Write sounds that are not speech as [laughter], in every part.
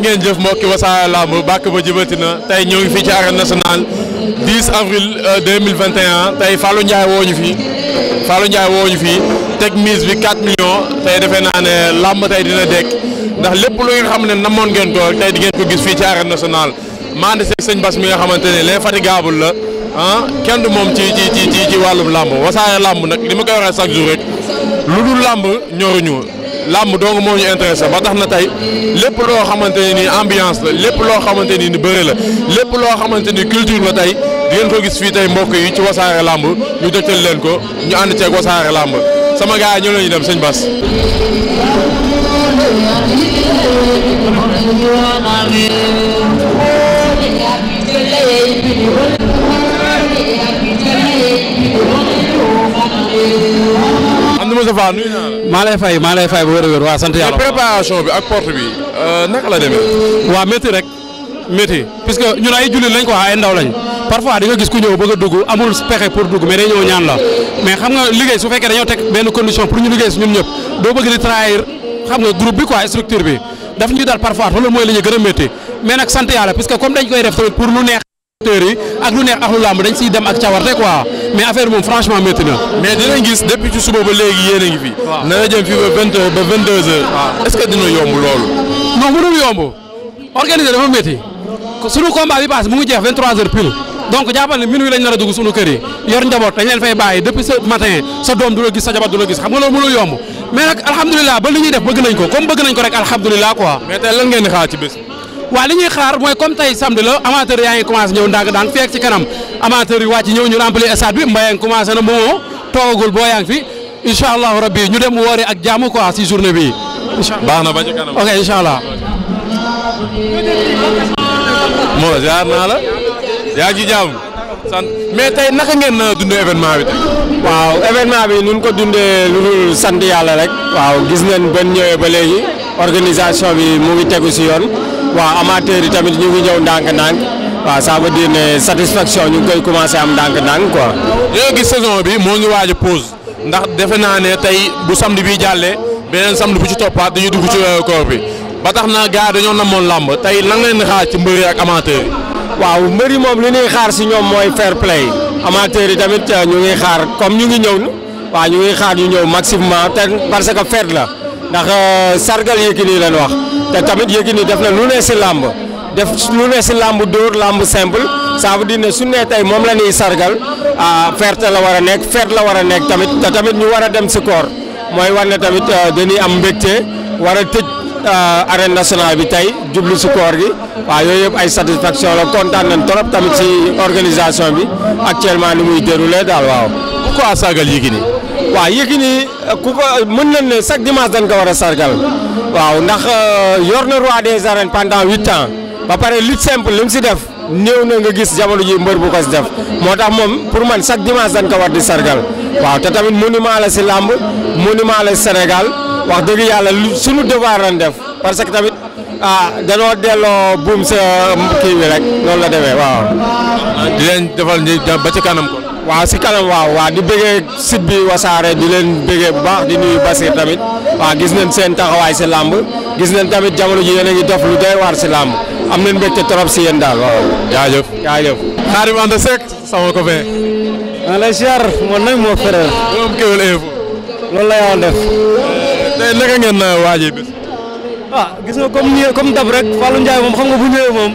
jërë ngeen jëf mbokki Wassare Lamb bàkk ba jëbati na tey ñoo ngi fii ci arène nationale 10 avril 2021 euh, tey Fallou Ndiaye woo ñu fii Fallou Ndiaye woo ñu fii teg mise bi 4 millions tey defee naa ne làmb tey dina dekk ndax lépp lu nga xam ne namoon ngeen ko tey di ngeen ko gis fii ci arène nationale maa ngi seeg sëñ mi nga xamante ne l'infatigable la ah kenn moom ci ci ci ci ci wàllum làmb Wassare Lamb nag li ma koy waxee chaque jour rek lu dul làmb ñoruñu làmb dong moo ñu intéressé ba tax na tey lépp loo xamante ne nii ambiance la lépp loo xamante ni bëre la lépp loo xamante ni culture la tey di ko gis fii tey mbokk yi ci wasaare làmb ñu dëgtal leen ko ñu ànd ceeg wasaare làmb sama gaa yi ñu la ñu dem sëñ Bass. maa lay fay maa lay fay bu wér a wér waaw sant yàlla. préparation bi ak euh, la demee. waa métti rek que ñun ko ay ndaw lañ parfois di nga gis ku ñëw bëgg a dugg amul pexe pour dugg mais la mais xam nga liggéey su fekkee dañoo teg benn condition pour ñu liggéey si ñun ñëpp doo bëgg di trahir xam nga groupe bi quoi structure parfois a métti mais nag sant que comme dañ koy def tamit pour lu neex acteurs yi ak lu neex axlu làmb dañ siy dem ak cawarte quoi mais affaire moom franchement métti na mais dinañ gis depuis ci suba ba léegi yéen a fi. waaw na jëm fii ba vingt heures ba vingt deux heures. loolu. non mënul yomb organiser dafa métti suñu bi paase mu ngi jeex vingt trois heures pile. donc jàppal ne minuit lañ nar yor njaboot dañ leen fay bàyyi depuis ce sa doom du gis sa jabar du gis xam nga loolu mënul yomb mais nag alhamdulilah ba bëgg nañ ko comme bëgg nañ ko rek alhamdulilah quoi. mais waaw li ñuy xaar mooy comme tey samedi la amateur yaa ngi commencé ñëw ndànk daan feek ci kanam amateur waa wàcc ñëw ñu rempli stade bi mbayang commencé na moomoo toogagul boo yaa ngi fi incha allahu ñu dem woori ak jaamu quoi si journée bi incha allah baax na ba ci kanam ok incha allah. moo jaar naa la. yaa ngi ci mais tey naka ngeen euh, dundee événement bi tey. waaw événement bi nun ko dundee lu dul sant yàlla rek. waaw gis nañ ban ñëwee ba léegi organisation bi mu ngi tegu si yoon. waaw amateurs yi tamit ñu ngi ñëw ndànk-ndànk waaw ça veut dire ne satisfaction ñu ngi koy commencé am ndànk-ndànk quoi. léegi gis saison bi moo ngi waaj a pause ndax defe naa ne tey bu samedi bi jàllee beneen samedi bu ci toppaat dañuy dugg ci euh, koor bi ba tax naa gars dañoo namoon làmb tey lan leen xaar ci mbëri ak amateurs yi. waaw mbëri moom li ñuy xaar si ñoom mooy fair play amateurs yi tamit euh, ñu ngi xaar comme ñu ngi ñëw waaw ñu ngi xaar ñu ñëw maximum te parce que fête la ndax euh, sargal Yékini lañ wax. te tamit Yékini def na lu ne si làmb def lu ne si làmb dóor làmb simple ça veut ne su ne tey moom la ñuy sargal ah, ferte la war a nekk fête la war a nekk tamit te tamit ñu war a dem si koor mooy war ne tamit ah, dañuy am mbégte war a tëj ah, arène nationale bi tey jublu si koor gi waaw yooyu yëpp ay satisfaction la kontaan nañ trop tamit si organisation bi actuellement ni muy déroulé daal waaw. pourquoi sargal Yékini. waaw Yékini ku ko mën ne chaque dimanche dañ ko war a sargal. waaw ndax euh, yor na roi des arènes pendant huit ba pare lutte simple li si def néew na nga gis jamono ji mbër bu ko si def moo tax moom pour man chaque dimanche dañ ko war di sargal waaw te tamit monument la si làmb monument la Sénégal wax dëgg yàlla lu sunu devoir lañ def parce que tamit ah danoo delloo buum sa kii rek noonu la demee waaw. di leen defal ba ci kanam waaw si kanam waaw waaw di bëggee site bi wasaare di leen bëggee bu baax di nuyu Basir tamit waaw gis nañ seen taxawaay si làmb gis neen tamit jamono ji yéen a ngi def lu doy waar si làmb am nañ mbégte trop si yéen daal waaw. jaajëf jaajëf. Xaadim ànd Seck sama copain. maa ngi lay ziar man nag moo frère. loolu la yow def. tey naka ngeen euh, waajee bés. ah gis nga comme ni comme dab rek Fallou Ndiaye moom xam nga bu ñëwee moom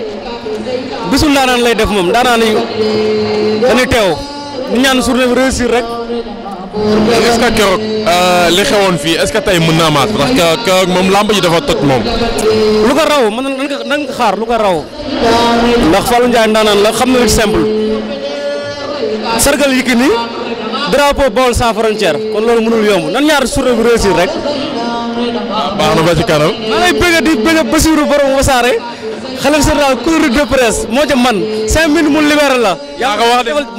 bisu ndaanaan lay def moom ndaanaan yi ñu ñaan journée bi réussir rek. est-ce que keroog euh, li xewoon fii est-ce que tey mën na amaat ndax keroog moom làmb ji dafa toj moom. lu ko raw man nan nga xaar lu ko raw. ndax Fallou Ndiaye ndaanaan la xam na lu simple. sargal yi ki ni drapeau Baol sans frontière kon loolu mënul yomb nan ñaar journée bi réussir rek. baax na ba ci kanam. maa lay bëgg di bëgg Basiirou borom Wassare xale bi daal couleur de presse moo ca man cinq minutes mu libéré la. yaa ko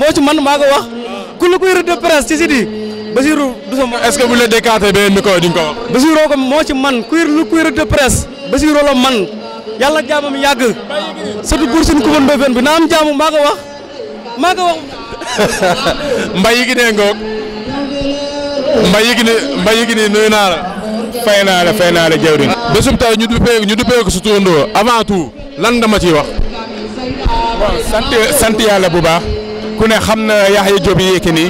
wax de moo ci de presse ci Sidi Basiirou du sama. est-ce que beneen micro di nga wax. Basiiroo ko moo ci de presse Basiiroo la man yàlla jaamam yàgg surtout pour suñu kubon Ndofène bi na am jaamu maa ko wax maa ko wax. mbay yi gi mbay yi gi ne fay naa la fay naa la jawriñ bésub tey ñu duppee ñu duppee ko su turandoo avant tout lan nga ciy wax. sant yàlla bu baax ku ne xam na Yaxya Diop Yékini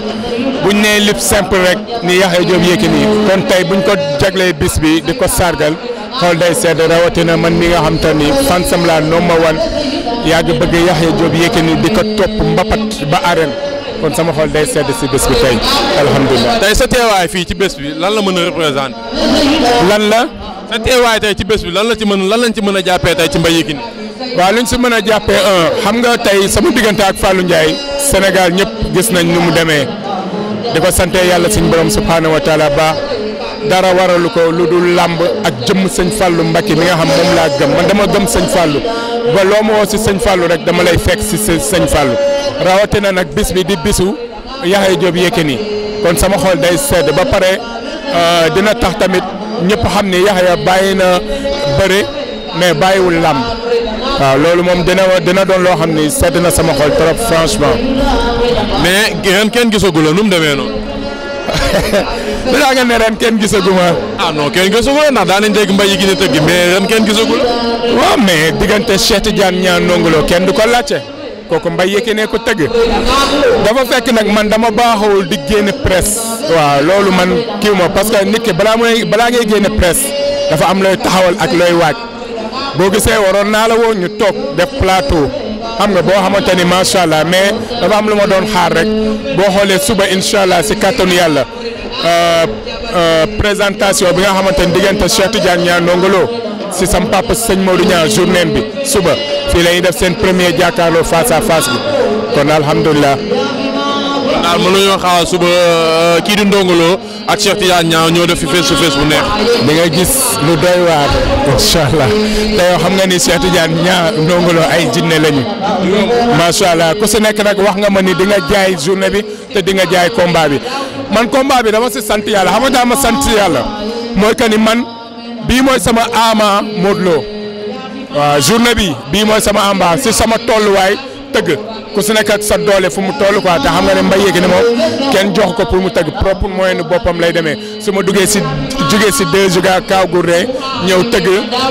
buñ ne lépp simple rek ni Yaxya Diop Yékini kon tey buñ ko jaglee bis bi di ko sargal xool day sedd rawatina man mi nga xam te ni fan sam laa noom ma wan yàgg bëgg Yaxya Diop Yékini di ko topp mbapat ba arène. kon sama xol day sedd si bés bi tey alhamdulilah. tey sa teewaay fii ci bés bi lan la mën a représenter. lan la. sa teewaay tey ci bés bi lan la ci mën lan lañ ci mën a jàppee tey ci Mbaye Yékini. waaw luñ si mën a jàppee xam nga tey sama diggante ak Fallou njaay Sénégal ñëpp gis nañ nu mu demee di ko sante yàlla suñu borom subhanahu wa taala baax. dara waralu ko lu dul làmb ak jëmm sëñ Fallou Mbacké mi nga xam moom laa gëm man dama gëm sëñ Fallou ba loo ma si sëñ Fallou rek dama lay fekk si sëñ Fallou rawatina nag bis bi di bisu Yaxya Joob Yékini kon sama xool day sedd ba pare euh, dina tax tamit ñëpp xam ne Yaxya bàyyi na bëre mais bàyyiwul làmb waaw loolu moom dina dina doon loo xam ni sedd na sama xool trop franchement. mais kenn gisagu la nu mu demee noonu lu nga ne ren kenn gisa ah non kenn gisaguma ndax daan nañ dégg mbay yi gën a tëgg mais ren kenn gisagul. waaw mais diggante Cheikh Tidiane ñaa nongolo kenn du ko laajte kooku mbay yëkkee ne ko tëgg dafa fekk nag man dama baaxawul di génn presse. waaw loolu man kii ma parce que nit ki balaa mooy balaa ngay génne presse dafa am looy taxawal ak looy waaj boo gisee waroon naa la woon ñu toog def plateau. xam nga boo xamante ni macha allah mais dafa am lu ma doon xaar rek boo xoolee suba incha allah si kattanu yàlla euh, euh, présentation bi nga xamante ni diggante Cheikh Tidiane Niang Ndongo si sam papa señ Maodo Niang journée bi suba fii la def seen premier jàkkaarloo face à face bi kon alhamdulilah. daal mën nañoo xaar suba euh, kii di ak Cheikh Tidiane Niang ñoo def fi face to bu neex. di nga gis lu doy waar incha allah te xam nga ni Cheikh Tidiane Niang Ndongo ay jinne lañu macha allah ku si nekk nag wax nga ma ni di nga jaay journée bi te di nga jaay combat bi man combat bi dama si sant yàlla xam nga daa ma sant yàlla mooy que ni man bii mooy sama ama Modou Lo journée bi bii mooy sama amba si sama tolluwaay. tëgg ku su nekk ak sa doole fu mu toll quoi te xam nga ne Mbaye Yékini moom kenn jox ko pour mu tëgg propre moyen boppam lay demee su ma duggee si jugee si deux jours kaw Gourdin ñëw tëgg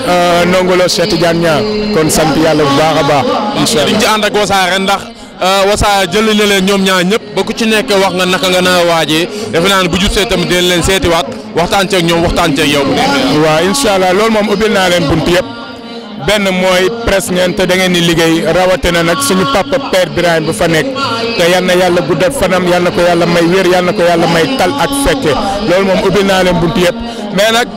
euh, Ndongo Lo Cheikh Tidiane Niang kon sant yàlla bu baax a baax. incha allah ci ndax euh, wasaare jël na leen ñoom ñaar ñëpp ba ci nekk wax nga naka nga na waajee defe naa ne bu jub see tamit dinañ leen seetiwaat waxtaan ceeg ñoom waxtaan ceeg yow. waaw incha allah loolu moom ubbil naa leen bunt yëpp. benn mooy presse ngeen te da ngeen di liggéey rawatina nag suñu papa père Birahim bu fa nekk te yal na yàlla guddal fanam yal na ko yàlla may wér yal na ko yàlla may tal ak fekke loolu moom ubbil naa leen bunt yëpp mais nag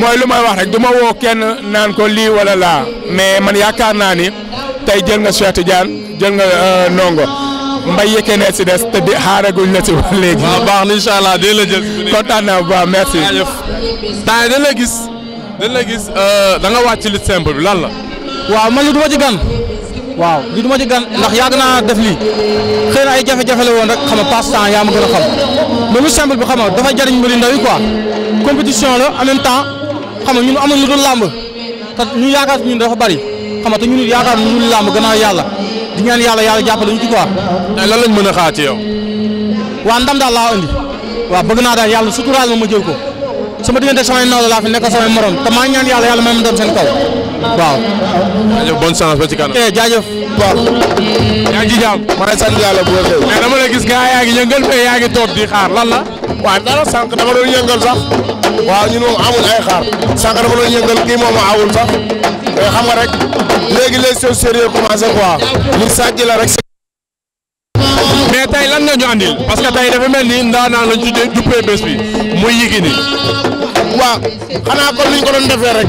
mooy lu may wax rek du ma woo kenn naan ko lii wala laa mais man yaakaar naa ni tey jël nga Cheikh Tidiane jël nga euh, Ndongo mbay yekkee ne si des te di xaaraguñ la si ba léegi. waaw baax na incha allah dee la jël. kontaan naa bu baax dañ la gis euh, da nga wàcc lutte bi lan la. waaw man li du ma gan. waaw li du ma ci gan ndax yàgg naa def lii xëy na ay jafe-jafe la woon rek xam nga passe temps yaa ma gën a xam mais lu bi xam nga dafa jariñ mbiri ndaw yi quoi compétition la en même temps xam nga ñun amuñu lu dul làmb te ñu yaakaar ñun dafa bari xam nga te ñun yaakaar ñu dul làmb gannaaw yàlla di ñaan yàlla yàlla jàppale ñu ci quoi. la lañ mën a xaar ci yow. waa ndam daal laa andi. waaw bëgg naa daal yàlla suturaal ma ma jël ko. sama diggante samay naw la laa fi nekk samay morom te maa ñaan yàlla yàlla moom doon seen kaw waaw. jaajëf bonne chance ba ci kanam. ok eh, jaajëf. waaw. yaa ngi ci jàmm. maa ngi sant yàlla bu wér. mais eh, dama la gis gars yaa ngi yëngal mais yaa di xaar lan la. waaw dara sànq dama doon yëngal sax. waaw ñun moom amul ay xaar. sànq dama doon yëngal kii awul sax. mais eh, xam nga rek. léegi les choses sérieux commencé quoi. ñu la mais tey lan nga andil parce que tey dafa mel ni ndaanaan lañ ci jubbee bés muy Yékini. waaw xanaa kon liñ ko doon defee rek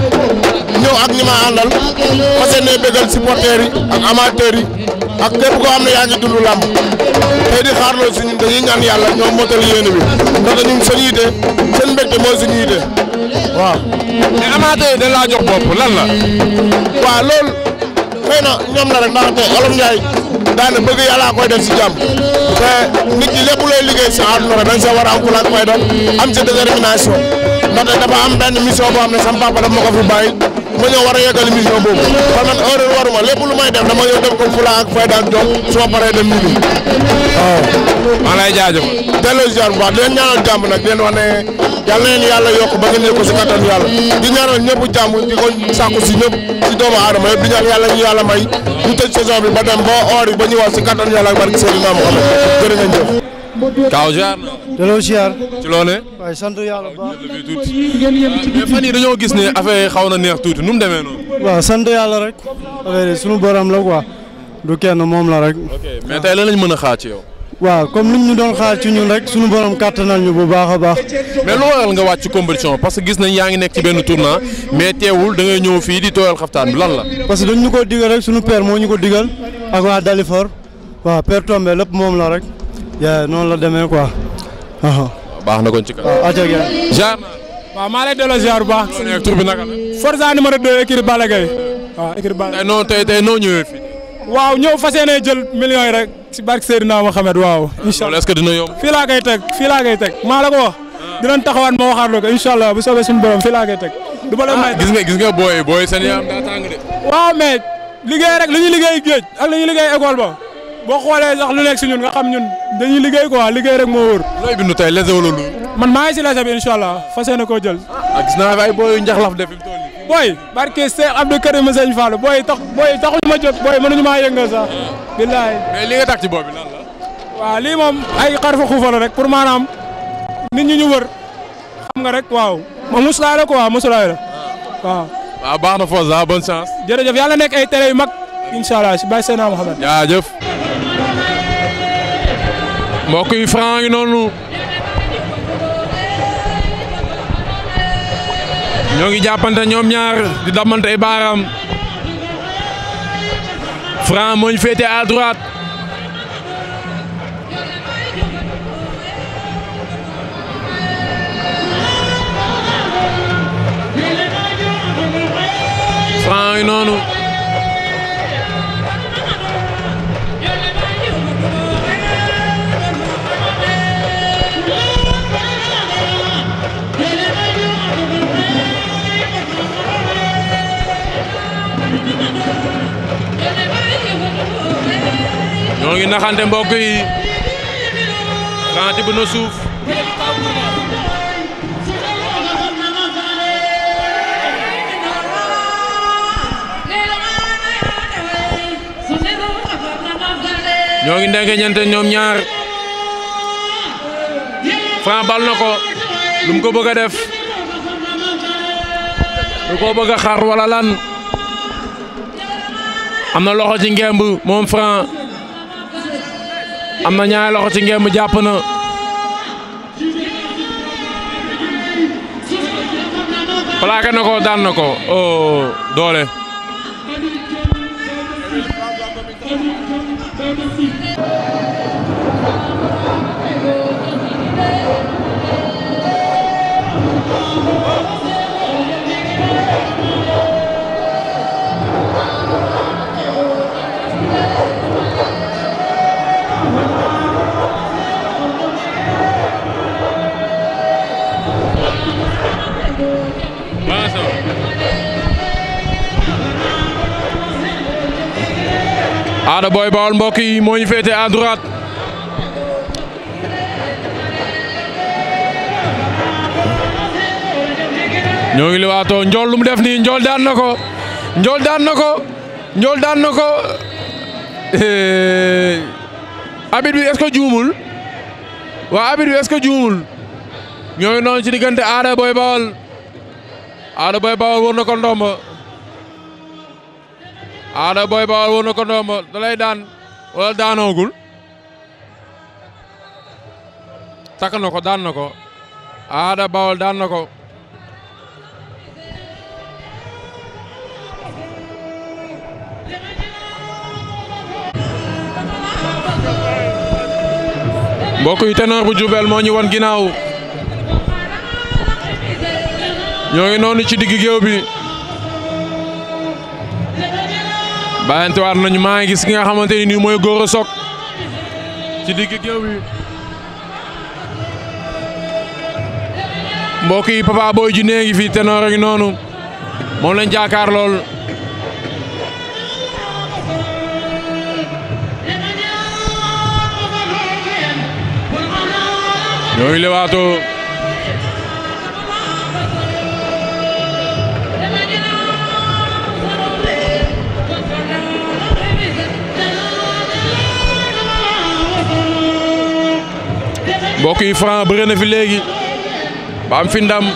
ñëw ak ñi ma àndal fas yéene bégal supporters yi ak amateurs ak képp koo xam ne yaa ngi dund làmb tey di xaarloo suñu dañuy ñaan yàlla ñoom motal yéene bi ndax ñun seen yite seen mbégte mooy suñu yite waaw. mais lan la. waaw loolu xëy na ñoom la rek ndaxte Olof Ndiaye. daanaka bëgg yàlla koy def si jàmm te nit ñi lépp looy liggéey si àdduna ko a sa war a am fulaak fayda am sa détermination ndaxte dafa am benn mission boo xam ne sama papa daf ma ko fi ma ñëw war a yeggali boobu kon man waruma lépp lu may def dama ñëw def ko fula ak fayda ak jom su ma paree dem nii waaw. maa lay jaajëfal. delloo ziar bu baax di leen ñaanal jàmm nag di leen wax ne yal na leen yàlla yokk ba ngeen ko si kattan yàlla di ñaanal ñëpp jàmm di ko sàkku si ñëpp si doomu aadama yëpp di ñaan yàlla ñu yàlla may ñu tëj saison bi ba dem ba or yi ba ñëwaat si kattan yàlla ak barke Seydina Muhammad jërë ngeen jëf Kaaw ziar na. delloo ziar. ci loolee. waaye dañoo gis ne affaire yi xaw na neex tuuti nu mu demee noonu. waaw sant yàlla rek. suñu yi sunu borom la quoi. du kenn moom la rek. ok mais tey lan lañ mën a xaar ci yow. waaw comme ni ñu doon xaar ci ñun rek sunu borom kattanal ñu bu baax a baax. mais lu waral nga wàcc ci compétition parce que gis nañ yaa ngi nekk ci benn tournant mais teewul da ngay ñëw fii di tooyal xaftaan bi lan la. parce que dañ ñu ko digal rek sunu per moo ñu ko digal ak waa Dalifor waaw père Tombe lépp moom la rek. yaa noonu la demee quoi. baax na ko ci kanam. Ah, jaar na. waaw maa lay delloo ziar bi naka la. Forza numéro 2 écurie Balla Gaye. waaw écurie noo tey tey noo ñëwee fii. waaw ñëw fas yéenee jël millions yi rek si barke Seydina Mohamed waaw. incha allah est-ce que dina fii laa koy teg fii laa koy teg maa la ko wax. Ah. dinañ taxawaat ma waxaat la ko incha allah bu soobee suñu borom fii laa koy teg. du la ah, may gis nga gis nga booy booy seen yaram daa tàng de. waaw mais liggéey rek li ñuy liggéey géej ak li liggéey école ba boo xoolee sax lu nekk si ñun nga xam ñun dañuy liggéey quoi liggéey rek moo wóor. looy bindu tey léegi wala lu. man maa ngi si léegi bi incha allah fas yéene koo jël. ah gis naa fi ay booy Karim Sëñ Fall booy tax booy taxuñu ma jot booy mënuñu maa yëngal sax. billaay mais li nga tax ci boobu lan la. waaw ay xarfa xuufa la rek pour maanaam nit ñi ñu wër xam nga rek waaw ma musulaay ko quoi musulaay la ah. waaw. waaw ah, baax na Forza yàlla nekk ay télé yu mag incha allah si bàyyi seen mbokk yi Franc ngi noonu ñoo ngi jàppante ñoom ñaar di damante ay Franc moo féete à droite Franc noonu. ñoo ngi naxante mbokk yi Franc tibb na suuf ñoo ngi ndenge ñente ñoom ñaar Franc bal na ko lu mu ko bëgg a def lu ko bëgg xar wala lan am na loxo ci ngemb moom Franc am na ñaari loxo ci ngemb jàpp na plaqué na ko daan na ko oh, doole Ada Boy Baol yi moo ñu féete à droite ñoo ngi liwaatoo njool lu mu def nii njool daan na ko njool daan na ko njool [laughs] bi est juumul waa abit bi est juumul ñoo noonu ci diggante Ada Boy Baol Ada Boy Baol war na ko ndomba aada Boy Baol woon na ko ndombo da lay daan wala daanoogul takk na ko daan na ko Ada Baol daan na ko mbokk yi Ténor bu Diourbel moo ñu won ginnaaw ñooy noonu ci digg géew bi bàyyante waat nañu maa ngi gis ki nga xamante ni nii mooy Gora Sock ci digg géew bi mbokk yi Papa Boy Djiné ngi noonu moom lañ jaakaar lool ñoo ngi lewaatoo mbokk yi Franc bëre na fi léegi ba am fi ndam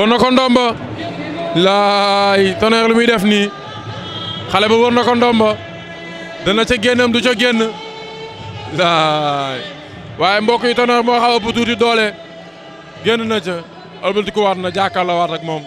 war na ko ndomba laay Tonnerre lu muy def nii xale ba war na ko ndomba dana ca génnam du ca génn laay waaye mbokk yi Tonnerre moo xaw a doole génn na ca ko waat na jàkkaarloo waat ak moom.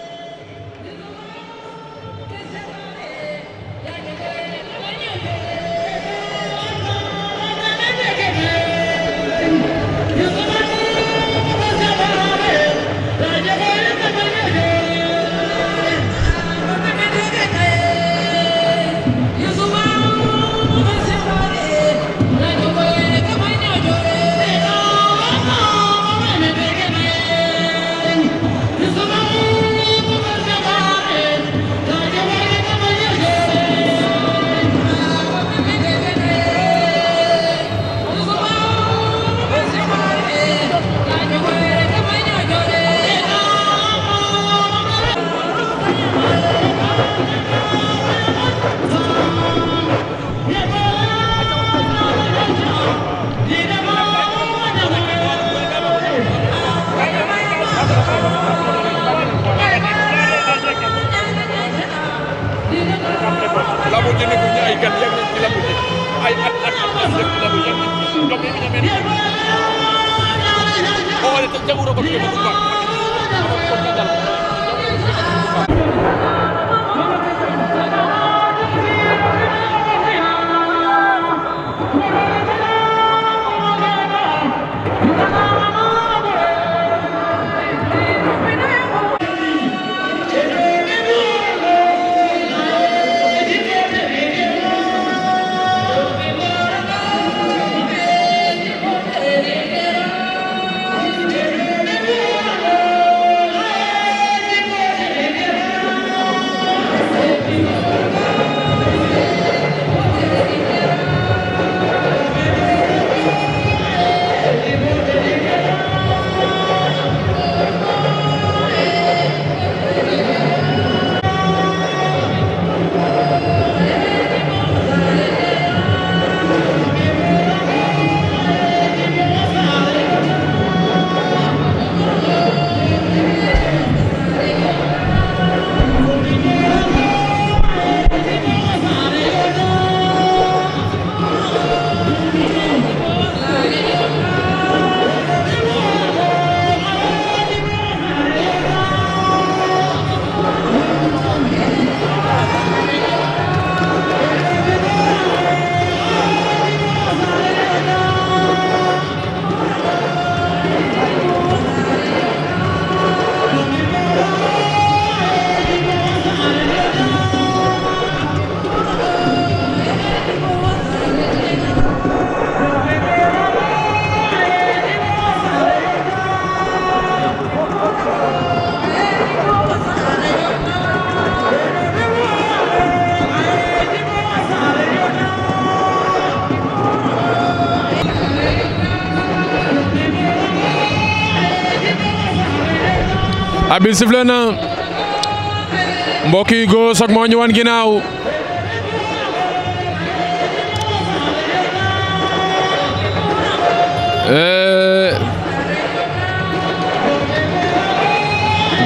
lambu ji nekkul ñu ay gan yàgg nañ ci lambu ji ay at at at yëpp ci lambu yàgg nañ ci donc yéen ñi nga xam ne boo xoolee te jamono ba tey ba du baax. abi sifle na mbokk yi Gora Sock wan ginnaaw eh.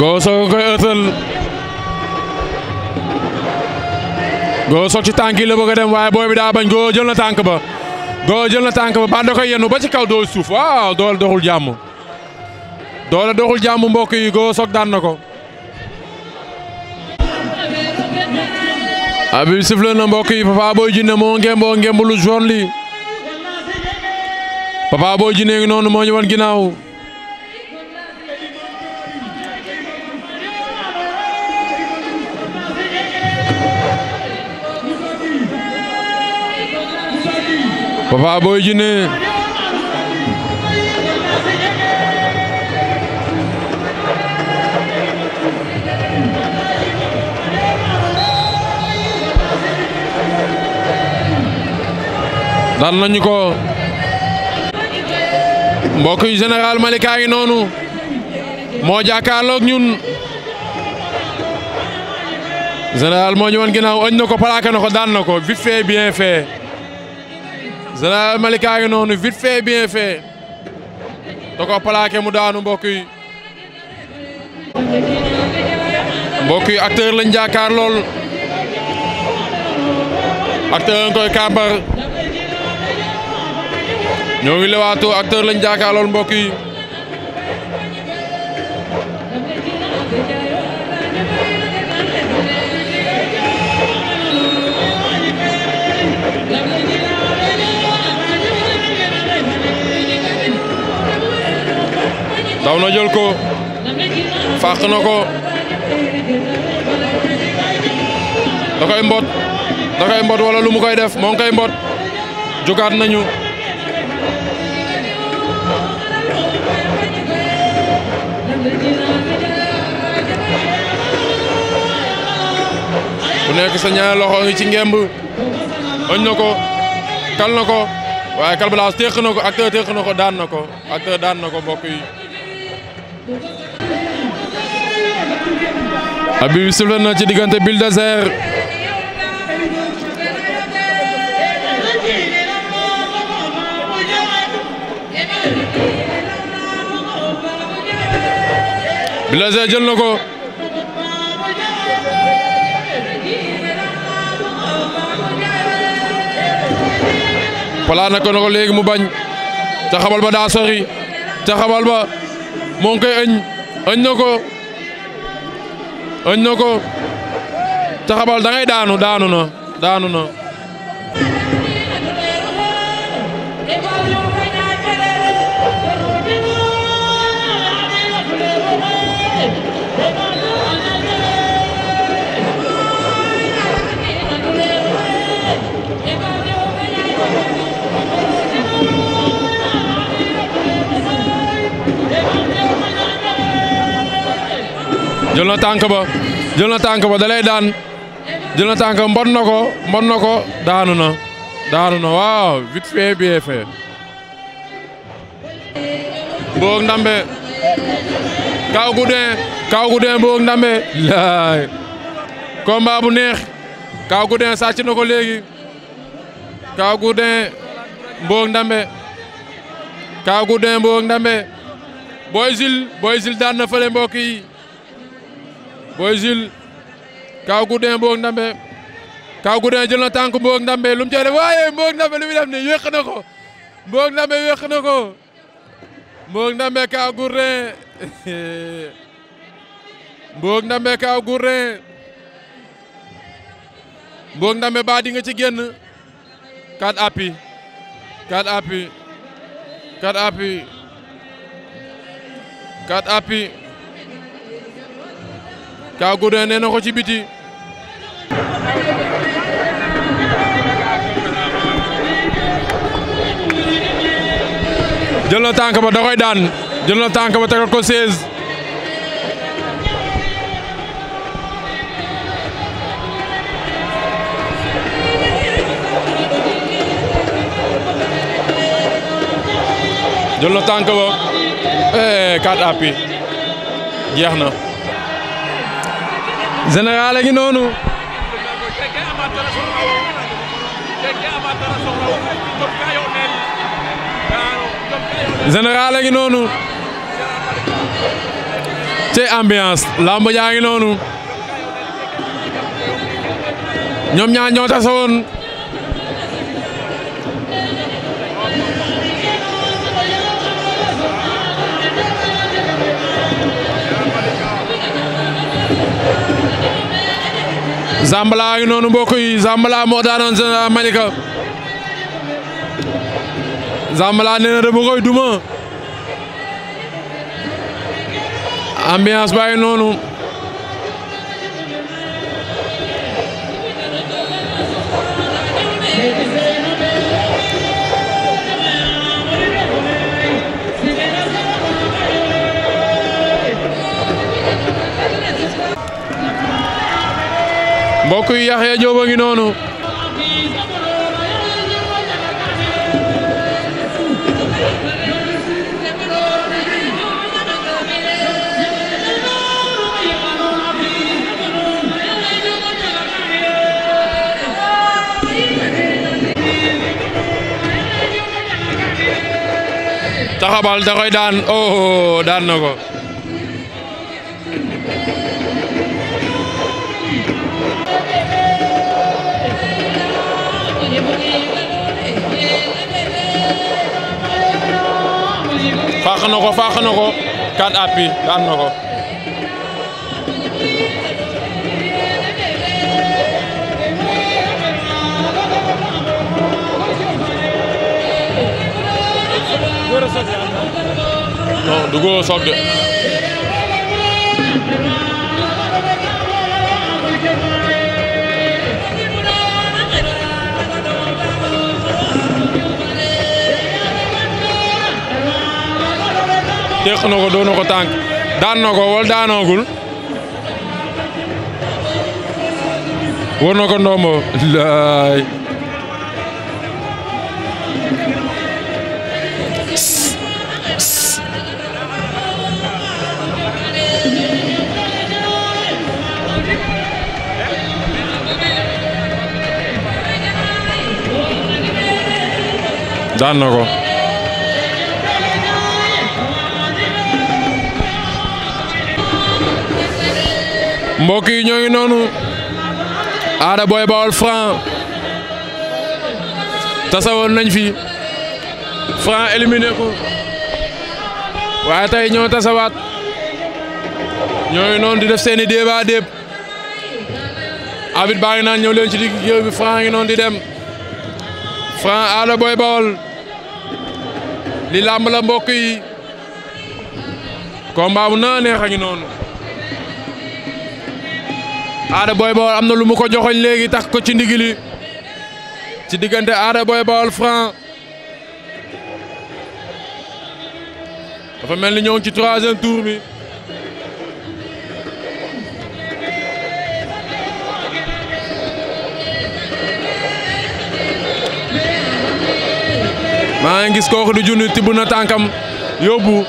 Gora Sock koy ëttal Gora Sock ci tànk yi dem waaye booy bi daa jël na tànk ba Gora jël na tànk ba ba koy yennu ba ci kaw doo suuf waaw dool doxul jàmm doole doxul jàmm mbokk yi Gora Sock daan na ko. Habib sifflé mbokk yi Papa Boy Djiné moo ngemb moo ngemb lu jaune li Papa Boy Djiné noonu moo ñëwoon ginnaaw. Papa Boy Djiné. daan nañu ko mbokk yi général Malika ngi noonu moo jàkkaarloog ñun général moo ñu woon ginnaaw ëñ na ko plaqué na ko daan na ko vite fait bien fait général Malika noonu vite fait bien fait mu daanu mbokk yi mbokk yi acteur lañ jàkkaar lool acteur koy kàmbar ñoo ngi lewaatoo acteur lañ jàkkaarlool mbokk yi daw na jël ko fàq na ko da koy mbot da lumu koy def moo ngi koy mbot jógaat nañu ku nekk sa ñaari ci ngemb oñ na ko kal na ko waaye Calblaas téq na ko acteur téq na ko daan na ko acteur daan na ko mbokk yi abi na ci diggante Bulldozer Buldozer jël na ko plané ko na ko léegi mu bañ ca xabal ba daa ca xabal ba moo ëñ ëñ na ko ëñ na ko ca xabal da daanu daanu na daanu na jël na tànk ba jël ba da lay daan jël na tànk ko mbon na ko daanu na daanu na waaw vite fait bien fait Mbour Ndambe Kaw Gourdin Kaw Gourdin Mbour Ndambe laay combat bu neex Kaw Gourdin sàcc na ko léegi Kaw Gourdin Mbour Ndambe Kaw Gourdin Mbour Ndambe Boy Jules Boy na fële mbokk Boy Jules Kaw Gourdin Mbour Ndambe Kaw Gourdin jël na tànk Mbour Ndambe lu mu waaye Mbour Ndambe lu muy def nii yéex ko Mbour Ndambe yéex ko Mbour Ndambe Kaw Gourdin [laughs] Mbour Ndambe Kaw Gourdin Mbour Ndambe ba di nga ci génn 4 appuis 4 appuis 4 appuis Kaw Gourdin nee na ko ci biti jël na tànk ba da koy daan jël na tànk ba tegal ko 16 jël na tànk ba eh 4 appuis jeex na général a noonu général a ngi noonu ci ambiance lamb jaa ngi noonu ñoom ñaar ñoo tasoon Zambala a ngi noonu mbokk yi Zambala moo daanoon Général Malika Zambala nee ambiance baa ngi noonu mbokk yi Yaxya Jóob a ngi noonu taxabal da koy daan oh, oh, oh daan na ko faax na ko faax na ko 4 appi daan na ko non du góor soog de déq na ko doon na ko tànk daan na ko daanoogul war na ko laay daan na ko mbokk yi ñoo noonu Ada Boy Baol Franc tasawoon nañ fi Franc éliminé ko waaye tey ñoo tasawaat ñoo ngi noonu di def seeni débat déeb abit baa ngi naan ñëw leen ci digg géew bi ngi noonu di dem Franc Ada Boy Baol li làmb la mbokk yi combat bu naa neex ngi noonu Ada Boy Baol am na lu mu ko joxoñ léegi tax ko ci ndigili ci diggante Ada Boy Baol Franc dafa mel ni ñoo ci troisième tour bi maa ngi gis kooku di junni tibb na tànkam yóbbu [laughs]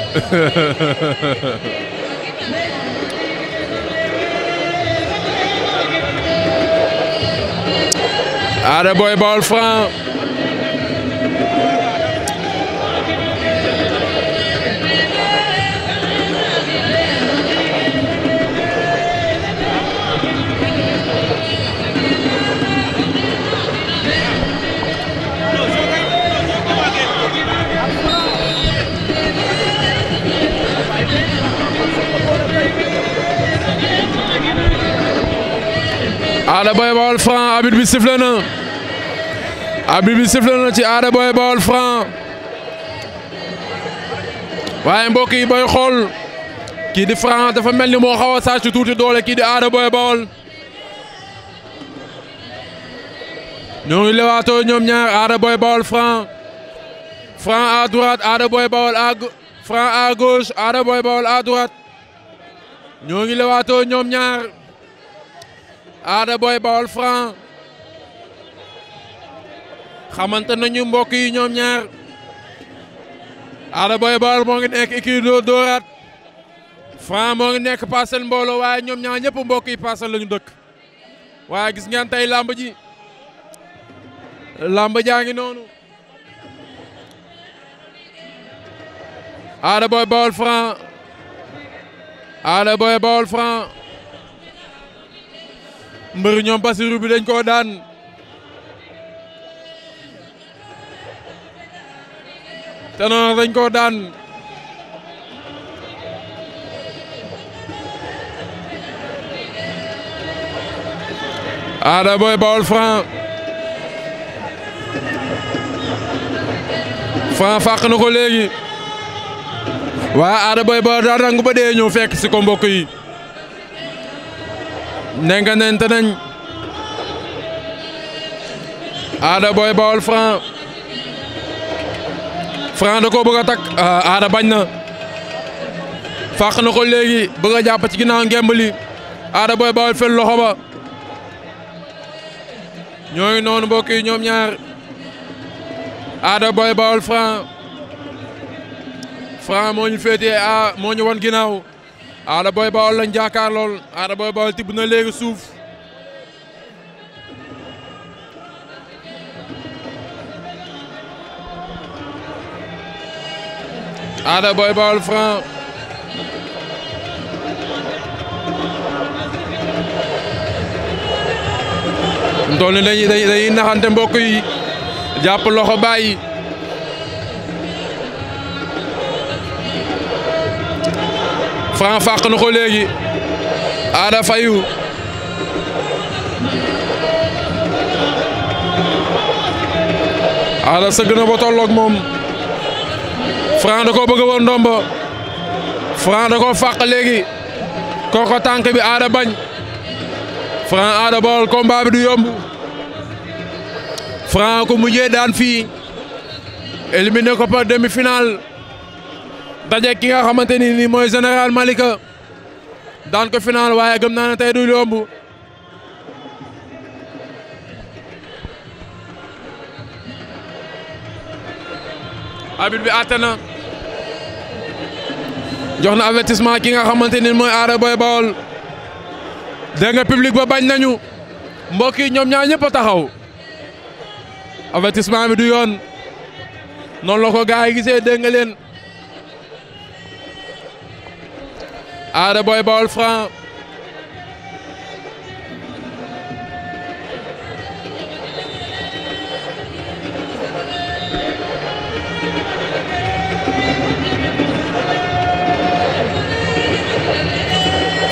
Ada ah, Boy Baol Franc Ada ah, bi sifflé na abi bi sifle na ci Ada Boy Baol Franc waaye mbokk yi boy xool kii di Franc dafa mel ni moo xaw a sàcc tuuti doole kii di Ada Boy Baol ñoo ngi lewaatoo ñoom ñaar Ada Boy Baol Franc Franc à Ada Boy Baol à Franc à gauche Ada Boy Baol à ñoo ngi lewaatoo ñoom ñaar Ada Boy Baol Franc xamante nañu mbokk yi ñoom ñaar Ada Boy Baol moo ngi nekk écurie Dóor Dóoraat Franc moo ngi nekk Parcelles mbooloo waaye ñoom ñaar ñëpp mbokk yi Parcelles lañu dëkk waaye gis ngeen tey làmb ji làmb jaa ngi noonu Ada Boy Baol Franc Ada Boy Baol Franc mbëri ñoom Basiru bi dañ koo daan Tanor dañ koo daan aada Boy Baol Franc Franc fàq na ko léegi waa Ada Boy Baol daa dangu ba dee ñëw fekk si ko mbokk yi nenga nente nañ Ada Boy Baol Franc Franc da koo bëgg a takk ah, aada bañ na fàq na ko léegi bëgg a jàpp ci ginnaaw ngemb li aada booy bawal fel loxo ba ñooy noonu mbokk yi ñoom ñaar aada booy bawal Franc Franc moo ñu féetee a ah, moo ñu ginnaaw aada booy bawal lañ jàkkaar lool aada booy bawal tibb na léegi suuf Ada ah, booy Baol Franc tool ni dañuy dañuy naxante mbokk yi jàpp loxo bàyyi Franc fàq na ko léegi Ada ah, fayu Ada ah, sëgg na ba moom Franc da koo bëgg woon ndombo Franc da koo fàq léegi koko tànk bi aada bañ Franc aada bool combat bi du yomb Franc ko mujjee daan fii éliminé ko par demi-finale daje ki nga xamante ni nii mooy général Malika daan ko final waaye gëm naa ne tey du yomb arbitre bi àtte jox na avertissement ki nga xamante ni mooy Ada Boy Baol dégg nga ba bañ nañu mbokk yi ñoom ñaar ñëpp taxaw avertissement bi du yoon noonu la ko gars gisee dégg nga leen Ada Boy Baol Franc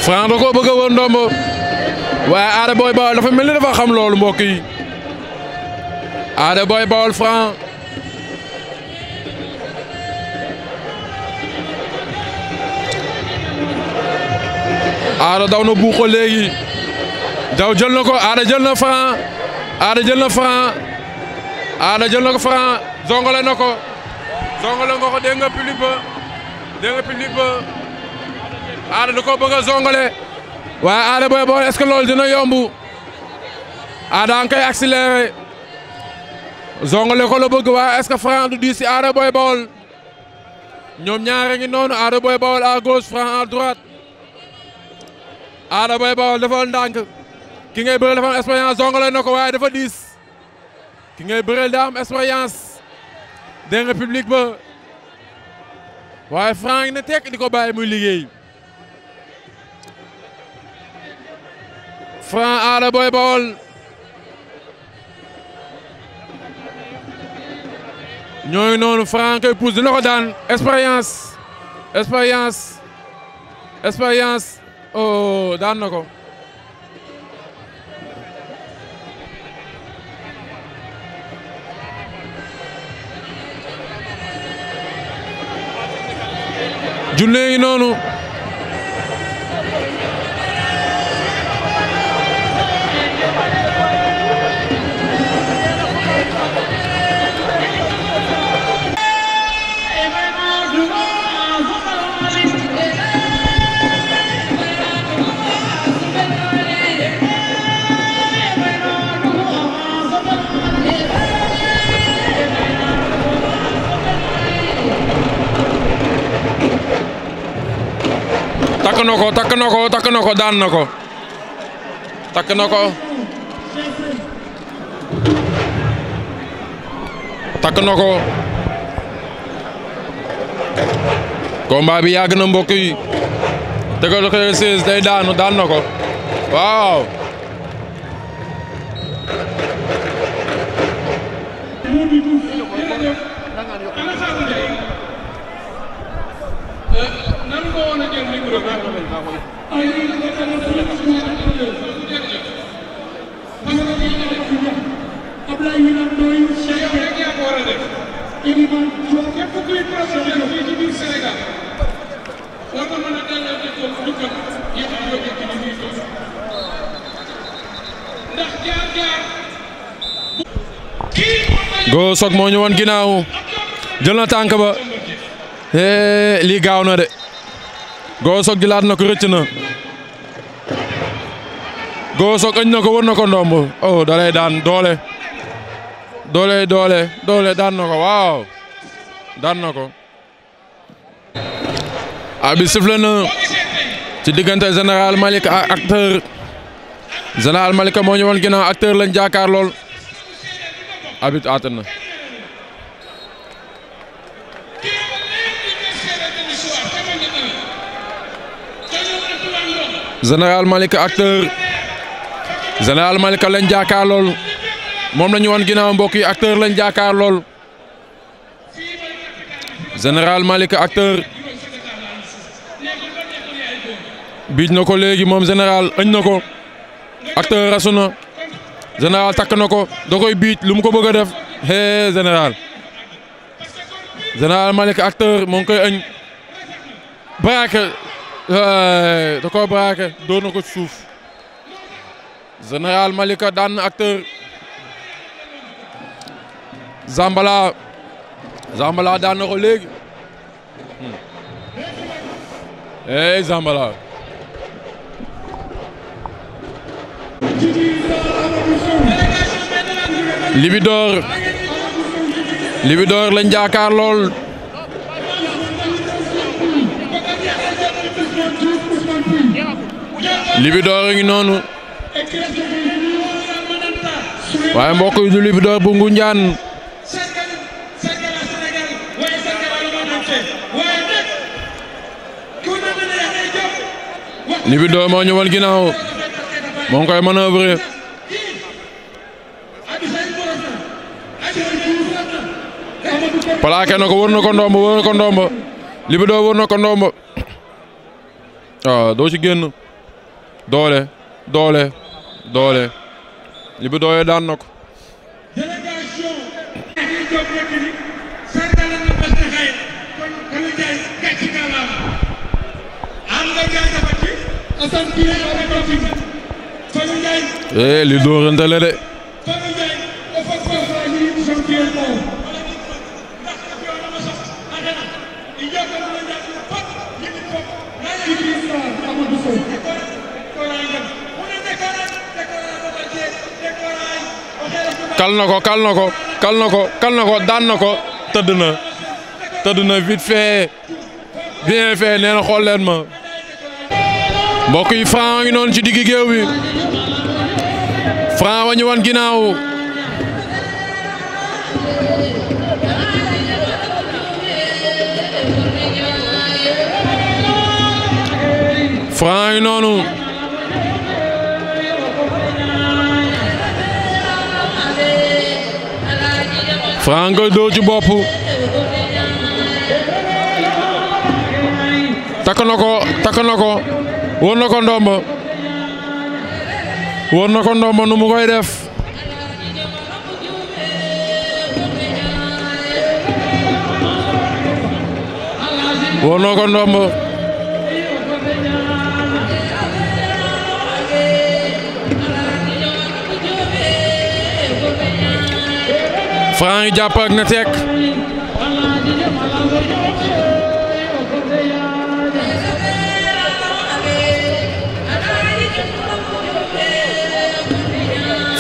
Franc da koo bëgg a woon ndombo Ada Boy Baol dafa mel ni dafa xam loolu mbokk yi Ada Boy Baol Franc Ada daw na buuxo léegi daw jël na ko Ada jël na Franc Ada jël na Franc Ada jël na ko Franc zongale na ko zongale nga ko dégg nga public ba dégg nga public aada da ko bëgg a waaye aada booy boo est-ce dina yomb aada nga koy accéléré zongale ko la bëgg waaye est-ce que Franc aada booy bawol ñoom ñaare noonu aada booy bawol à gauche Franc à droite aada booy bawol defal ndànk ki ngay bëreel dafa am expérience zongale ko waaye dafa diis ki ngay bëreel daa am expérience des ba waaye Franc ne tekk di ko bàyyi muy liggéey Franc Ada Boy Baol ñooy noonu Franc koy pousse dina ko daan expérience expérience expérience oh, daan na ko junne takk na ko takk na ko takk na ko daan na ko takk na ko takk na ko combat bi yàgg na mbokk yi Tekno Kéré 16 day daanu daan na ko waaw Ilimane Diop képp kuy président Go Sock moo ñu woon jël na tànk ba eh, lii gaaw na de Go Sock jëlaat na ko rëcc na Go Sock añ na ko wër na ko ndomb oh da lay daan doole. doole doole doole daan na waaw daan na ko. abi ah, sifle na ci diggante général Malika ak général Malika moo ñu woon ginnaaw lañ jaakaar lool abit àtt Malika lañ jaakaar lool. moom la ñu woon ginnaaw mbokk yi acteur lañ jaakaar lool général Malick acteur biij na ko léegi moom général ëñ na ko acteur rasu na général takk na ko da koy biij lu mu ko bëgg a def hee général général Malick acteur moo ngi koy añ braqué da ko braqué doon na ko ci suuf général Malika daan acteur Zambala Zambala daan na ko léegi eh Zambala. Libidor Libidor lañ jaakaar lool. Libidor a noonu. waaye mbokk yi du Libidor bu Libido moo ñëwal ginnaaw moo ngi koy manœuvrer plaqué na ko wër na ko ndombo wër na ko ndombo Libido wër na ko ndombo waaw ah, doo ci génn doole doole doole Libido yee daan na ko eh kal na ko kal na ko kal na ko kal na ko daan na ko tëdd na tëdd na vite fait bien fait nee na ma. mbokk yi Franc ngi noonu ci diggi géew bi Franc wa ginnaaw Franc ngi noonu Franc koy dóor bopp takk na ko takk ko wër na ko ndomba wër na ko ndomba nu mu koy def na ko Franc jàpp ak na tekk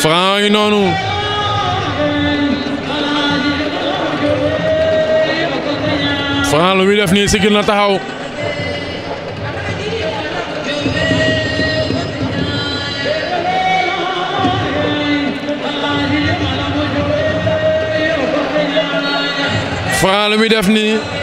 Franc ngi noonu Franc lu muy def nii sigil na taxaw Franc lu muy def nii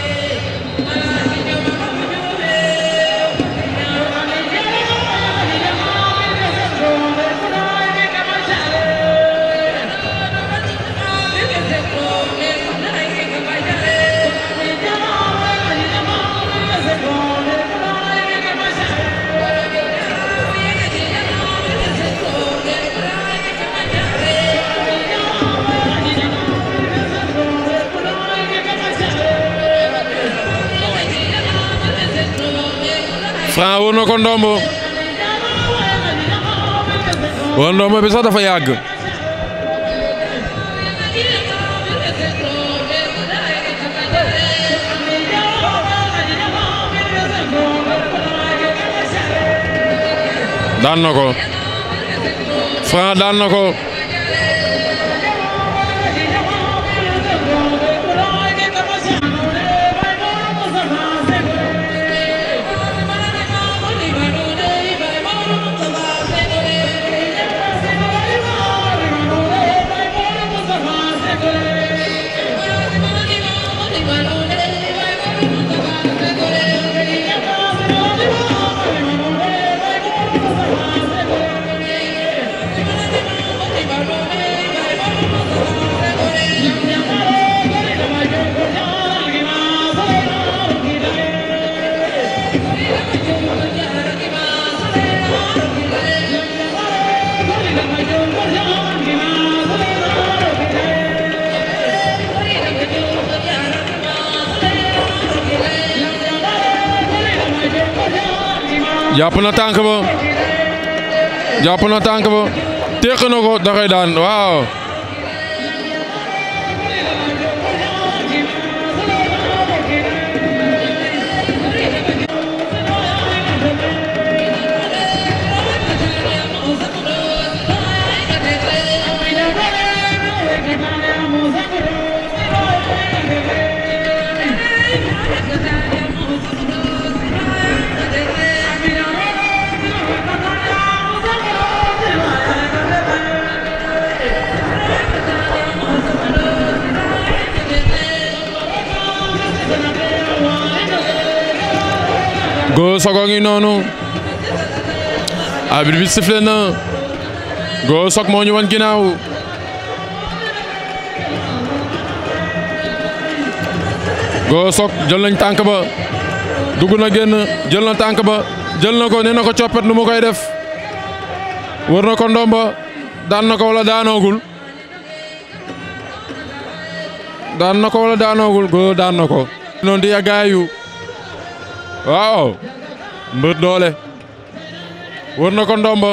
wër na ko ndombo bi sax dafa yàgg daan na ko jàpp na tànk ba jàpp na tànk ba téq na ko da daan waaw Gora Sock ngi noonu arbitre bi sifflé na Gora Sock moo ñu wan ginnaaw Gora jël nañ tànk ba dugg na génn jël na tànk ba jël na ko nee na ko coppet lu koy def wër na ko ndomba daan ko wala daanoogul daan na ko wala daanoogul Gora daan na ko noonu di yàggaayu waaw mbër doole wër na ko ndomba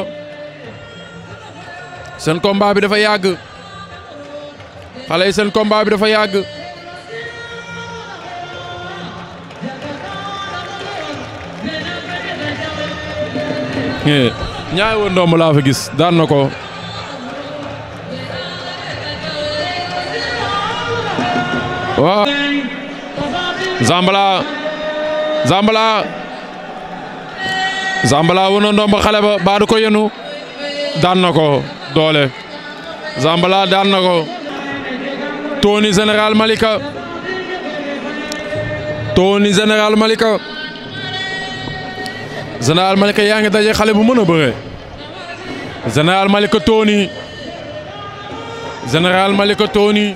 seen combat bi dafa yàgg xale yi seen combat bi dafa yàgg ñaari wër ndomba laa fa gis daan na ko waaw Zambala Zambala Zambala woon na ndomba xale ba baadu ko yenu daan na ko doole Zambala daan na ko Tony Général Malika Tony Général Malika Général Malika yaa ngi daje xale bu mën a bëre Général Malika Tony Général Malika Tony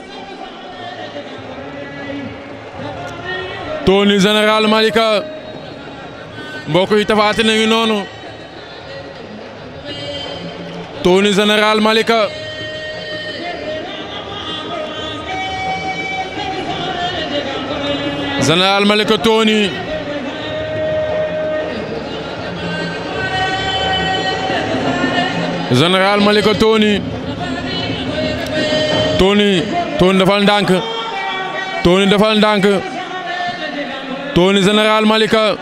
Tony Général Malika mbokk yi Tapha Tine ngi noonu Tony Général Malika Général Malika Tony Général Malika Tony Tony Tony defal ndànk Tony defal ndànk Tony Général Malika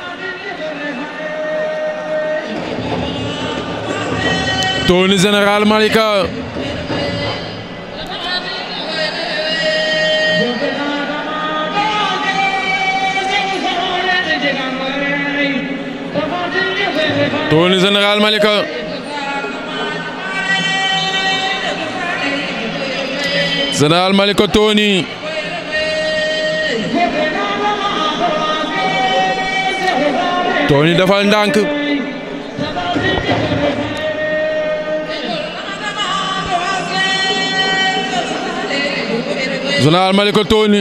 Tony Général Malika Tony Général Malika Général Malika Tony Tony defal ndànk général Malika Tony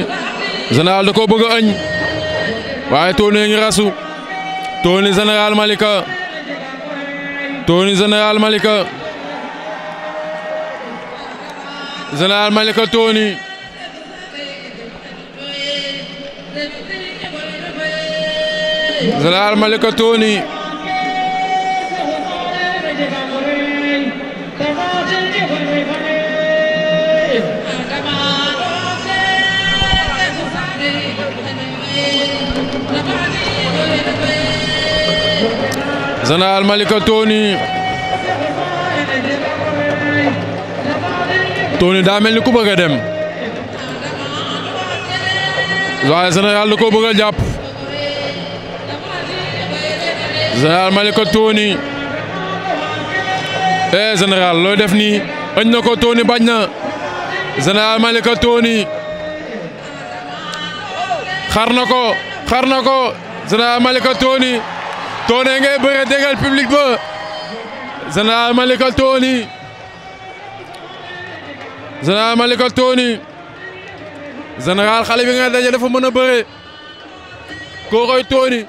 général da ko bëgg a añ waaye Tony a rasu Tony général Malika tooni général Malika général Malika général Malika Tony général Malika Tony daa mel ni ku bëgg a dem waaye général koo bëgg a jàpp général Malika Tony eh général looy def nii ëñ na ko Tony bañ na général Malika Tony xar na ko xar na ko général Malika Tony Tony ngay bëre dégal public ba général Malika Tony général Malika xale bi nga daje dafa mën a bëre koo koy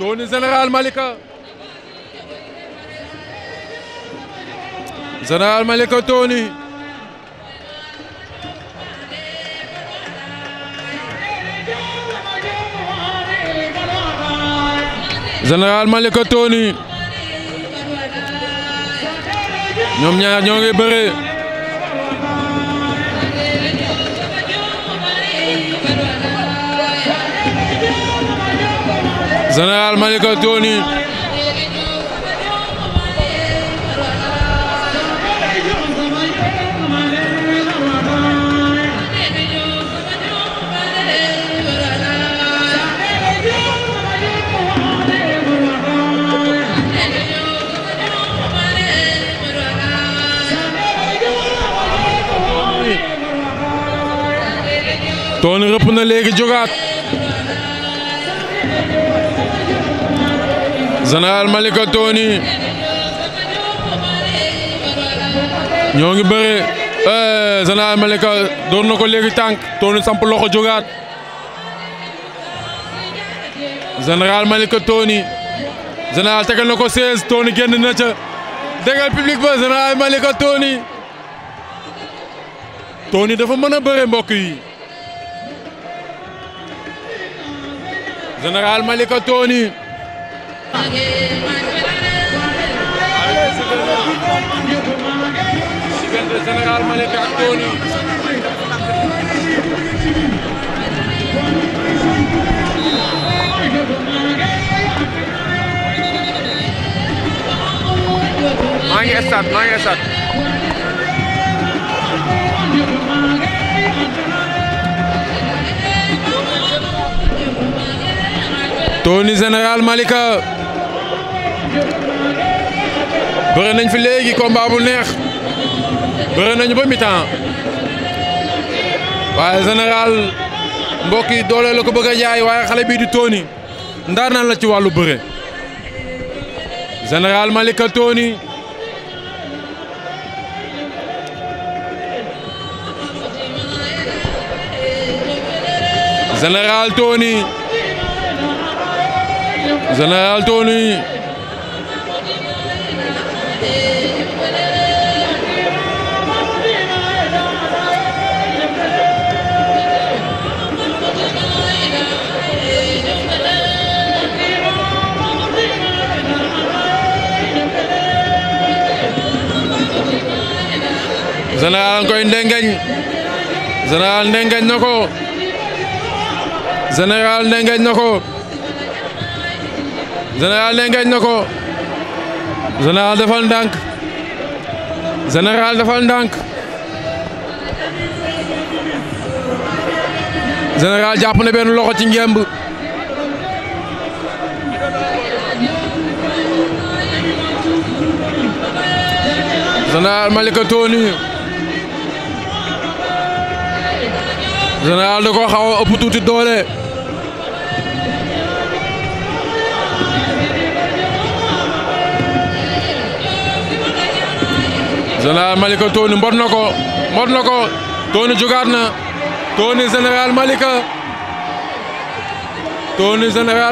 Tony Général Malika Général Malika Tony Général Malika Tony ñoom ñaar général Malika Tony Tony rëpp na léegi jógaat général Malika Tony ñoo ngi bëre eh, Malika door ko léegi tànk Tony samp loxo jógaat général Malika Tony général tegal na ko 16 Tony génn na ca dégal ba général Malika Tony Tony dafa mën a bëre mbokk yi général diggante Général Malika Tony maa ngi stade maa ngi Tony Général Malika bëre nañ fi léegi combat bu neex bëre nañu ba waaye général mbokk yi doole la ko bëgg jaay waaye xale bii di Tony ndaar la ci wàllu bëre général Malika Tony général Tony général koy ndengeñ général ndengeñ na ko général ndengeñ na ko général ndengeñ na ko général defal ndànk général defal ndànk général jàpp na benn loxo ci ngemb général Malika Tony général da ko xaw a ëpp tuuti doole général Malika Tony mbot na ko ko Tony jugaat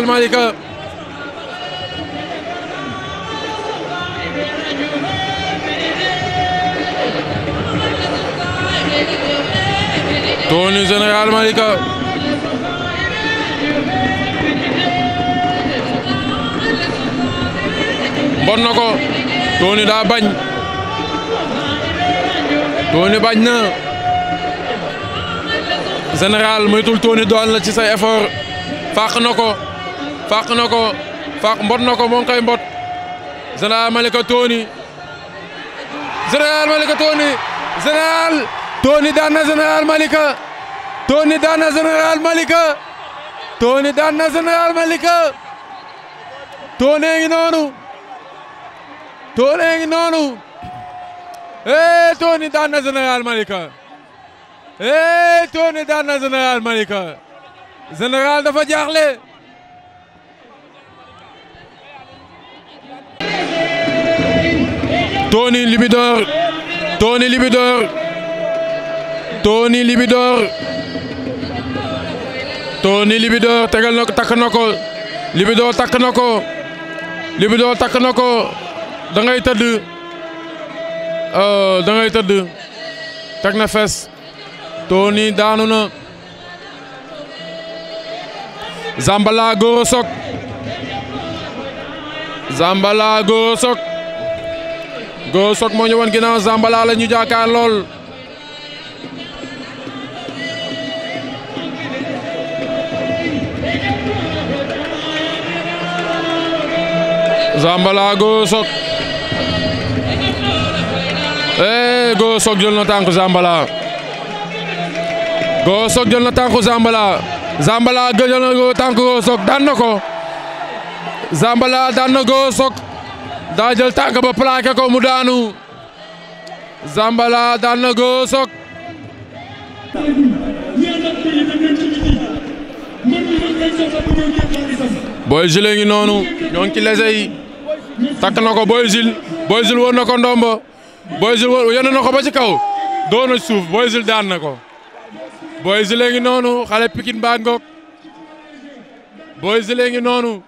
Malika Tony Général Malika bon na ko Tony daa bañ Tony bañ na Général moytul Tony doon la ci say effort fàq na ko fàq na ko fàq mbot ko moo mbot Général Malika Tony Général Malika Tony Général Tony daan na Malika Tony daan na Malika Tony daan na général Malika Tony ngi noonu Tony ngi noonu eh Tony daan na Malika eh Tony daan na Malika général dafa jaaxle. Tony Libidor Tony Libidor. Tony Libidor Tony Libidor tegal na ko takk na ko Libidor takk na ko Libidor takk na ko dangay tëdd oh, da ngay tëdd teg na fes Tony daanu na Zambala Goro Sok Zambala Goro Sok Goro Sok moo ñu woon ginnaaw Zambala la ñu jaakaar lool Zambala Gosok eh Gosok jël na tànku Zambala Gosok jël na tànku Zambala Zambala jël na ko Zambala daan na Gosok daa ba plaqué ko mu daanu Zambala daan na Gosok. Boy noonu ñoo ngi takk na ko Boy Jules Boy Jules woon na ko ndombo Boy Jules woon yónn na ci kaw doon suuf Boy Jules daan na ko Boy Jules a noonu xale Pikine baa ngoog Boy Jules a noonu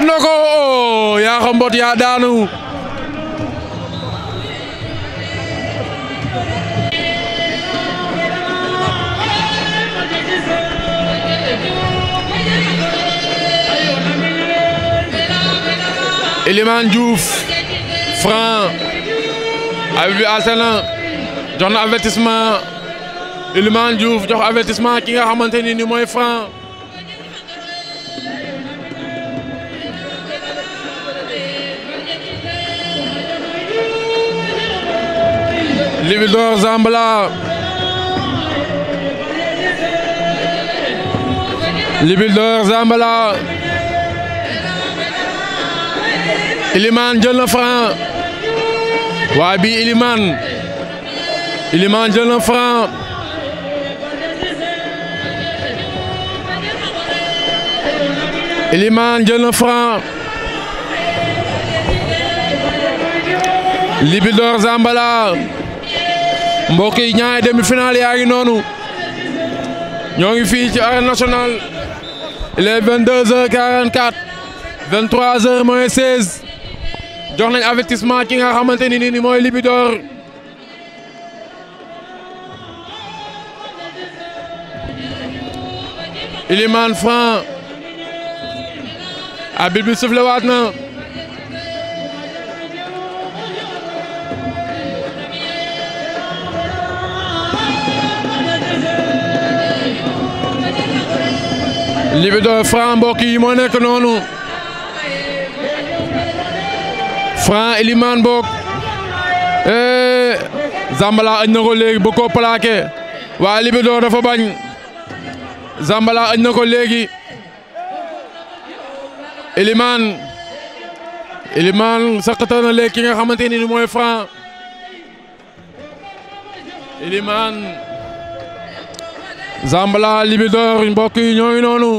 mbot na ko oh, yaa xam yaa daanu Elimane Diouf Franc abi bi asena jox na avertissement Elimane Diouf jox avertissement ki nga xamante ni ni mooy Franc Libidor Zambala Libidor Zambala Ilimane jël na Franc waaye Zambala mbokk yi ñaari demi-finale yaa ngi noonu ñoo ngi fii ci arène nationale il est 22h44 23h moins jox nañ avertissement ki nga xamante ni nii mooy Libidor Ilimane Franc arbitre bi siflewaat na. Libido Franc mbokk yi moo nekk noonu Franc Elimane Mbok eh Zambala añ na ko léegi bu ko plaqué waaye Libido dafa bañ Zambala añ na ko léegi Elimane Elimane saqata na léegi ki nga xamante ni mooy Franc Elimane Zambala Libidor mbokk yi ñoo ngi noonu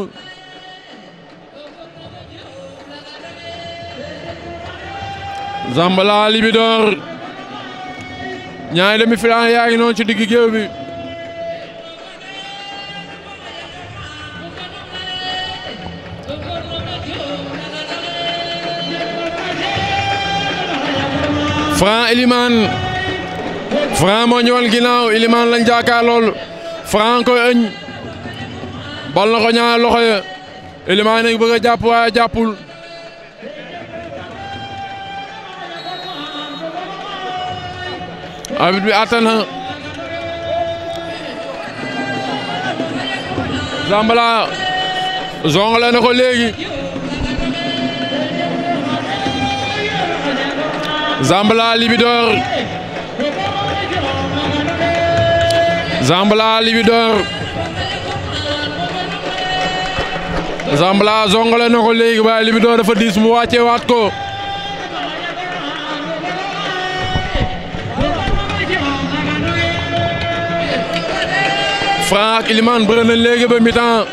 yaa ngi ci digg géew bi Franc Elimane Franc moo ñëwal ginnaaw Elimane lañ jàkkaar Franc koy ëñ bal na ko ñaar loxo ya Elimane bëgg a jàpp waaye jàppul arbitre bi àtte na Zambala zongale na ko léegi Zambala Zambala Libidor Zambala zongale na ko léegi waaye Libidor dafa diis mu wàcce waat ko Franc ak Ilimane léegi ba mi-temps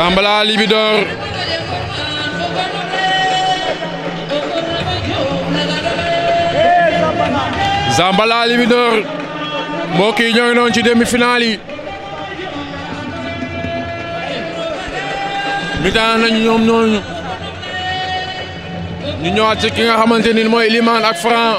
Zambala Libidor Zambala Libidor mbokk yi ñoo ngi ci demi-finale yi mitaan nañu ñoom ñooñu ñu ñëwaat ci ki nga xamante ni mooy Limane ak Franc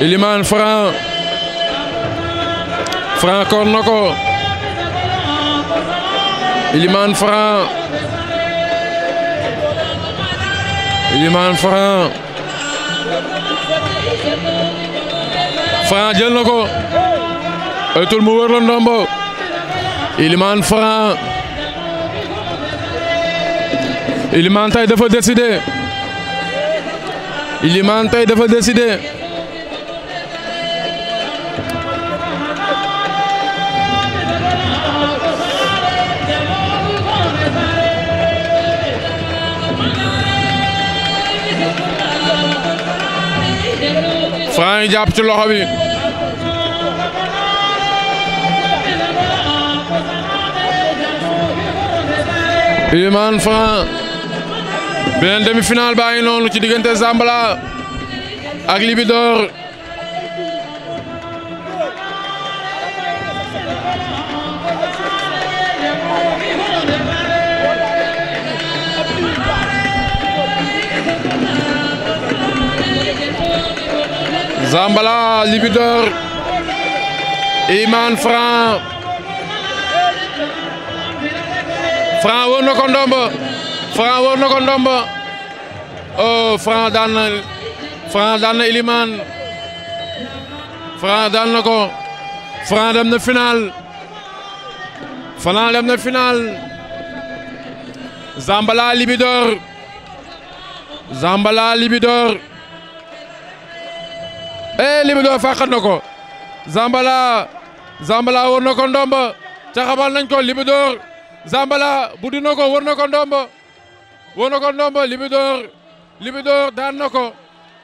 Ilimane Franc Franc kor na ko Ilimane Franc Ilimane Franc jël na ko mu wër la ndombo Ilimane Franc Ilimane tey dafa décidé Ilimane tey dafa décidé baa ngi jàpp ci loxo bi Elimane Franc beneen demi-finale baa noonu ci diggante Zambala ak Libidor Zambala Libidor Iman Franc Franc wër na ko ndomba wër na ko ndomba oh daan na Franc daan daan na ko Franc dem na final Franc dem na final Zambala Libidor Zambala Libidor eh Libidor fàqat na ko Zambala Zambala wër ko ndomba caxabal nañ ko Libidor Zambala buddi na ko wër na ko ndomba wër na ko ndomba Libidor Libidor daan na ko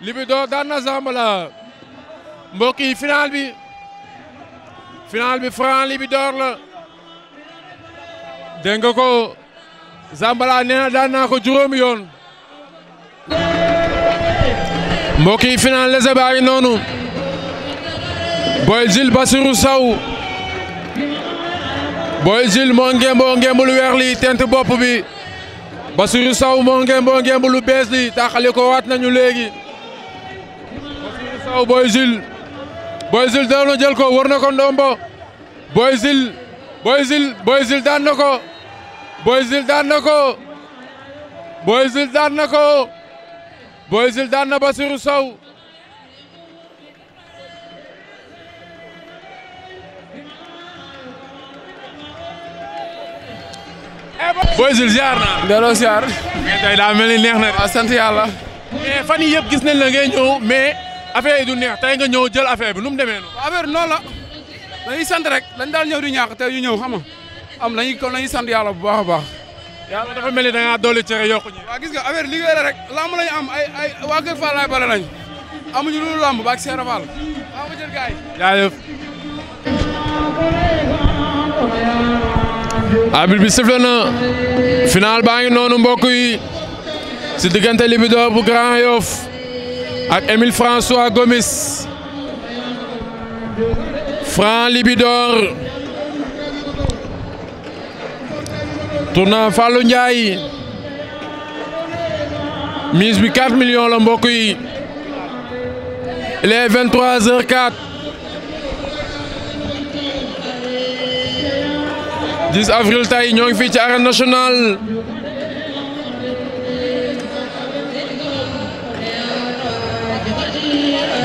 Libidor daan na Zambala mbokk yi bi final bi Franc Libidor la dégg nga ko Zambala nee na naa ko juróomi yoon. mbokk yi final lese baa ngi noonu Boy Jules Bassirou Sow Boy Jules moo ngemboo ngembul weex li tent bopp bi Bassirou Sow moo ngemboo ngembulu bees li taxali ko waat nañu léegi Bassirou Sow Boy Jules Boy na jël ko wër na ko ndombo daan na ko Boy Jules daan na ko Boy Jules daan na ko Boy Jules daan na Basirou Sow Boy Jules ziar naa. delloo ziar. mais tey daa mel ni neex na. waaw sant yàlla. mais fan yii yëpp gis nañ la ngay ñëw mais affaire yi du neex tey nga ñëw jël affaire bi nu mu demee noonu. affaire bi noonu la dañuy sant rek dañ daal ñëw di ñaax tey ñu ñëw xam nga am nañu kon nañu sant yàlla bu baax a baax. yàlla dafa mel ni da ngaa dolli cere yokku gis nga affaire liggéey la rek lamb lañu am ay ay waa Kër Fall laay bare baa ngi noonu mbokk yi si diggante Libidor bu Grand Yoff ak Émile François Gomis Franc Libidor. tourna Fallou Ndiaye mise bi 4 millions la mbokk yi il est 23h04 10 avril tey ñoo ngi fii ci arène nationale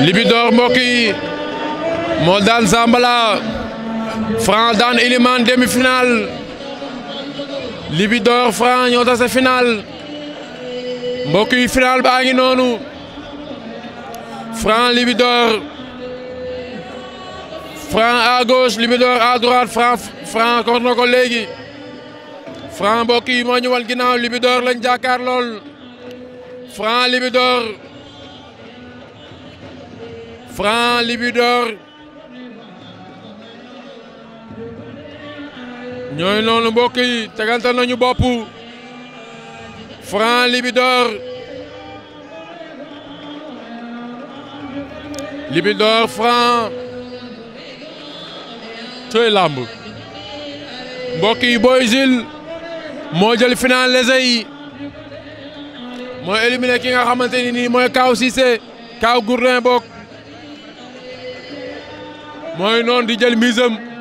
Libidor mbokk yi moo daan Zambala Franc daan Elimane demi-finale Libidor Franc ñoo tase final mbokk yi final baa ngi noonu Franc Libidor Franc à gauche Libidor à droite Franc léegi Franc mbokk yi moo ñu wan ginnaaw Libidor lañ jàkkaar lool Franc Libidor Franc Libidor ñooy noonu mbokk yi tegante nañu boppu Franc Libidor Libidor Franc tey làmb mbokk yi Boy moo jël final lese yi mooy éliminé ki nga xamante ni nii mooy kaaw Cissé Kaw Gourdin bokk mooy noonu di jël misam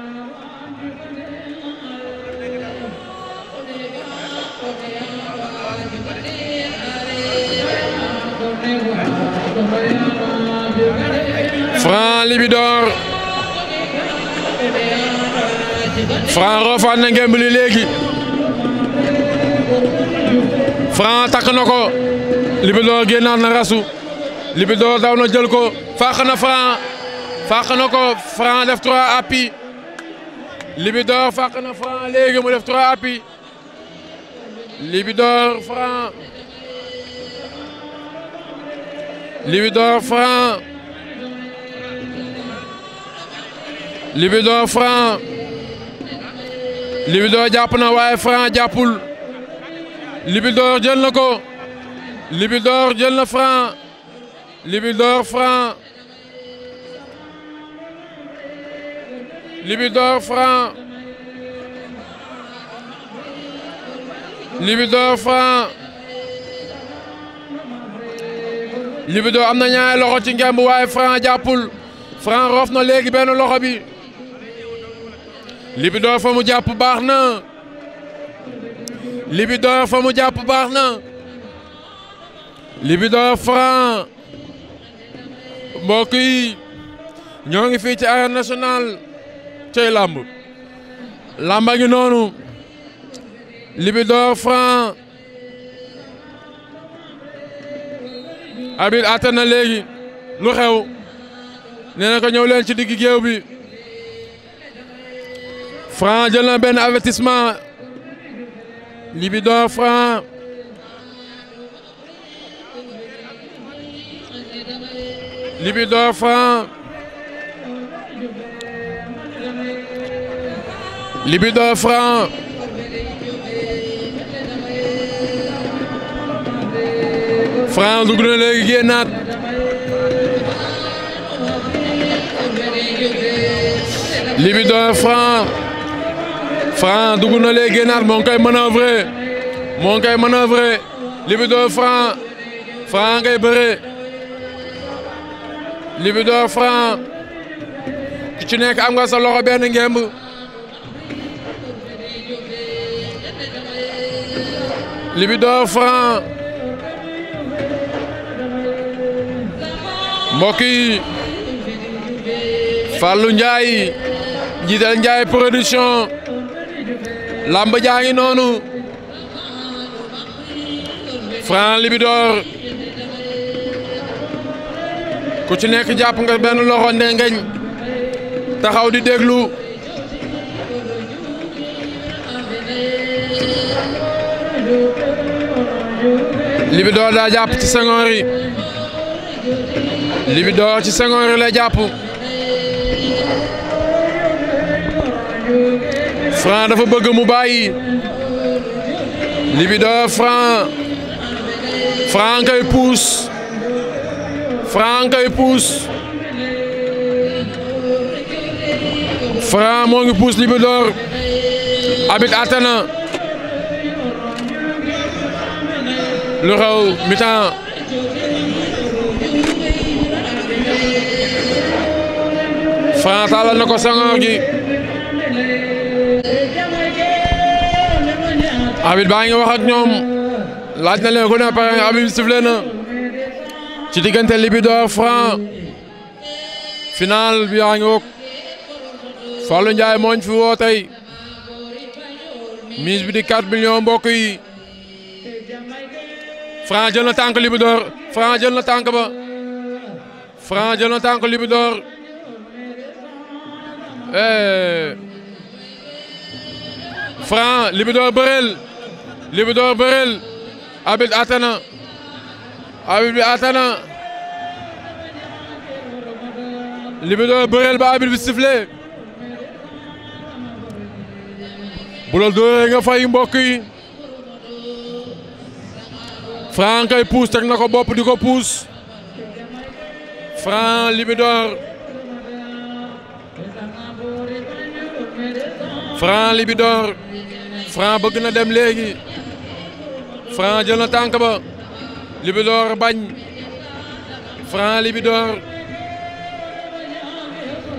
Franc Libidor Franc roofaan na ngemb léegi Franc takk na ko Libidor génnaat na rasu Libidor daw na jël ko fàq na Franc fàq na ko Franc def trois appuis na Franc léegi mu def trois appuis Libidor Franc Libidor Libidor Franc Libidor jàpp na waaye Franc jàppul Libidor ko Libidor jël na Franc Libidor Franc Libidor Franc Libidor Franc Libidor am na ñaari loxo ci ngemb waaye Franc jàppul Franc na léegi benn loxo bi libi Libidor fa mu jàpp baax na Libidor fa mu jàpp baax na Libidor Franc mbokk yi ñoo ngi fii ci arène nationale cey làmb làmba ngi noonu Libidor Franc abit atte na léegi lu xew nee na ko ñëw leen ci digg géew bi Franc jël benn avertissement Libidor Franc Libidor Franc Franc dugg na lee génnaat moo ngi koy manœuvrer moo ngi koy manœuvrer Libidor Franc Franc ngay bëree Libidor ci nekk am nga sa loxo benn ngemb Libidor Franc mbokk yi Fallou Ndiaye jiital Ndiaye production làmb jaangi noonu Franc Libidor ku ci nekk jàpp nga benn loxo ndengeñ taxaw di déglu Libidor daa jàpp ci sengoor yi ci sengoor yi la jàpp Franc dafa bëgg mu bàyyi Libidor Franc Franc kay puus Franc kay puus Franc moo ngi puus Libidor abit atana lu xew mitan Franc taalal ko sangoor gi abit baa ngi wax ak ñoom laaj na leen ku ne pare abit sifle na ci diggante Libidor Franc final bi yaa ngi wok Fallou Ndiaye mooñ fi woo tey bi di 4 millions mbokk yi Franc jël na tànk Libidor Franc jël na tànk ba Franc jël na Libidor bëreel abit atana abit bi atana Libidor bëreel ba abit bi bu la dóoree nga fay mbokk yi Franc kay puus teg na ko bopp di ko puus Franc Libidor Franc Libidor Franc bëgg na dem léegi Franc jël na tànk ba Libidor bañ Franc Libidor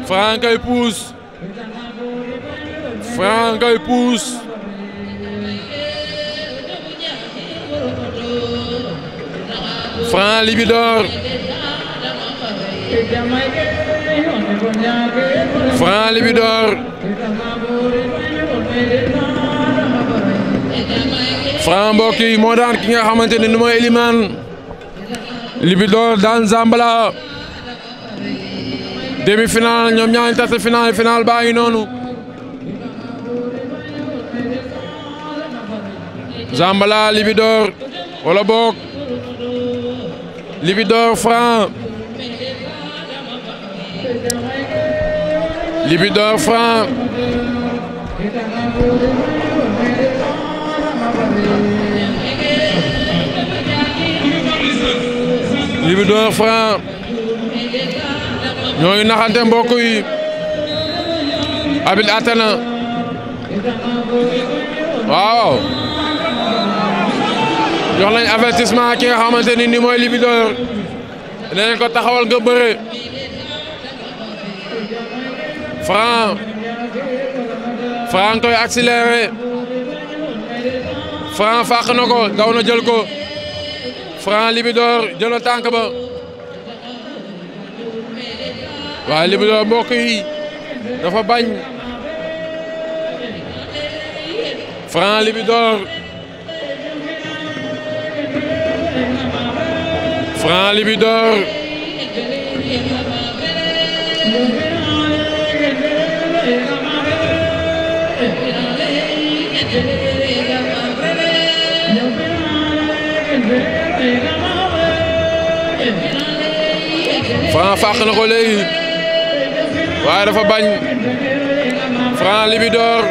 Franc ngay puus Franc ngay puus Franc Libidor Franc Libidor Franc mbokk yi moo ki nga xamante ne nu mooy Elimane Libidor daan Zambala demi final ñoom ñaari tase final final baa ngi noonu Zambala Libidor wala boog Libidor Franc Libidor Franc Libou door Franc ñoo ngi naxante mbokk yi arbitre atana waaw jox nañ avertissement ki nga xamante ni ni mooy Libou door dinañ ko taxawal nga bëre Franc koy accéléré Franc fàq ko daw jël ko Franc Libidor jël na tànk ba waaye Libidor mbokk yi dafa bañ Franc Libidor libi Libidor Franc fàq na ko léegi dafa bañ fran Libidor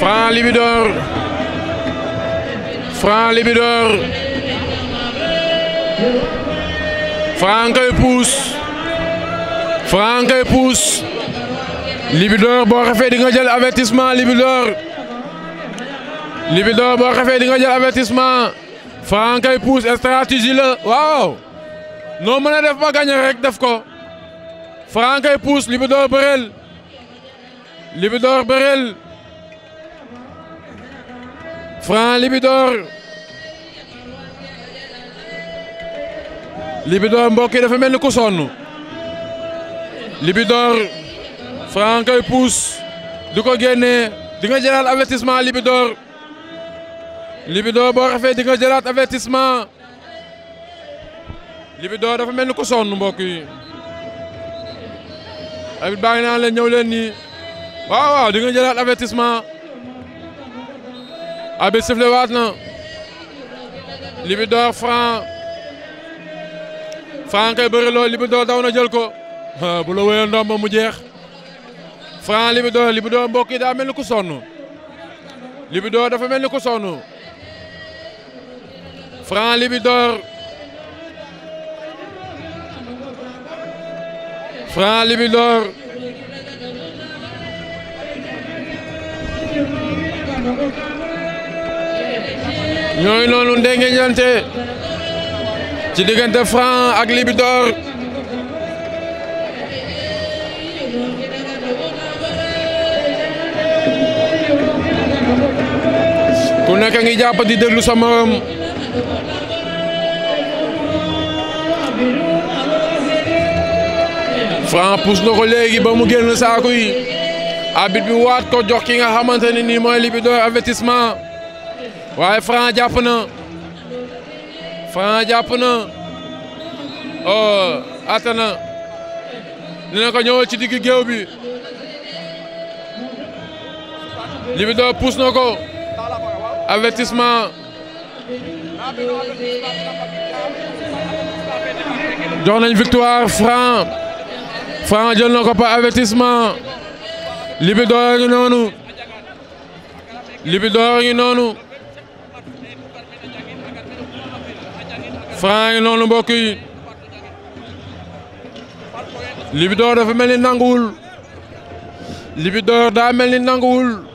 Franc Libidor fran Libidor Franc koy puus Franc koy puus Libidor boo xefee di nga jël avertissement Libidor Libidor boo xefee di nga jël avertissement Franc kay pousse stratégie la waaw noo mën a def ba gagné rek def ko Franc kay pousse Libidor bëreel Libidor bëreel Franc Libidor Libidor mbokk dafa mel ni ku sonn Libidor Franc du ko génnee di nga jëlaat avertissement Libidor Libido boo xefee di nga jëlaat avertissement Libido dafa mel ni ko sonn mbokk yi abit baa ngi ñëw leen nii waaw waaw di nga jëlaat avertissement abit sifle waat na Libido Franc Franc kay bëri lool daw na jël ko bu la wéyoon ndoom ba mu jeex Franc Libido Libido mbokk yi daa mel ni ko sonn Libido dafa mel ni ko sonn Franc Libidor Franc Libidor ñooy noonu ndenge ñante ci diggante Franc ak Libidor ku nekk ngi jàpp di déglu sa morom Franc pousse na ko léegi ba mu génn saako yi arbitre bi waat ko jox nga xamante ne nii mooy Libidor avertissement waaye Franc jàpp na Franc jàpp na oh atana dina ko ñëwal ci digg géew bi Libidor pousse na ko avertissement. jox nañ victoire Franc Franc jël ko par avertissement Libidor ngi noonu Libidor ngi noonu Franc ngi noonu mbokk yi Libidor dafa mel ni nanguwul Libidor daa mel ni nanguwul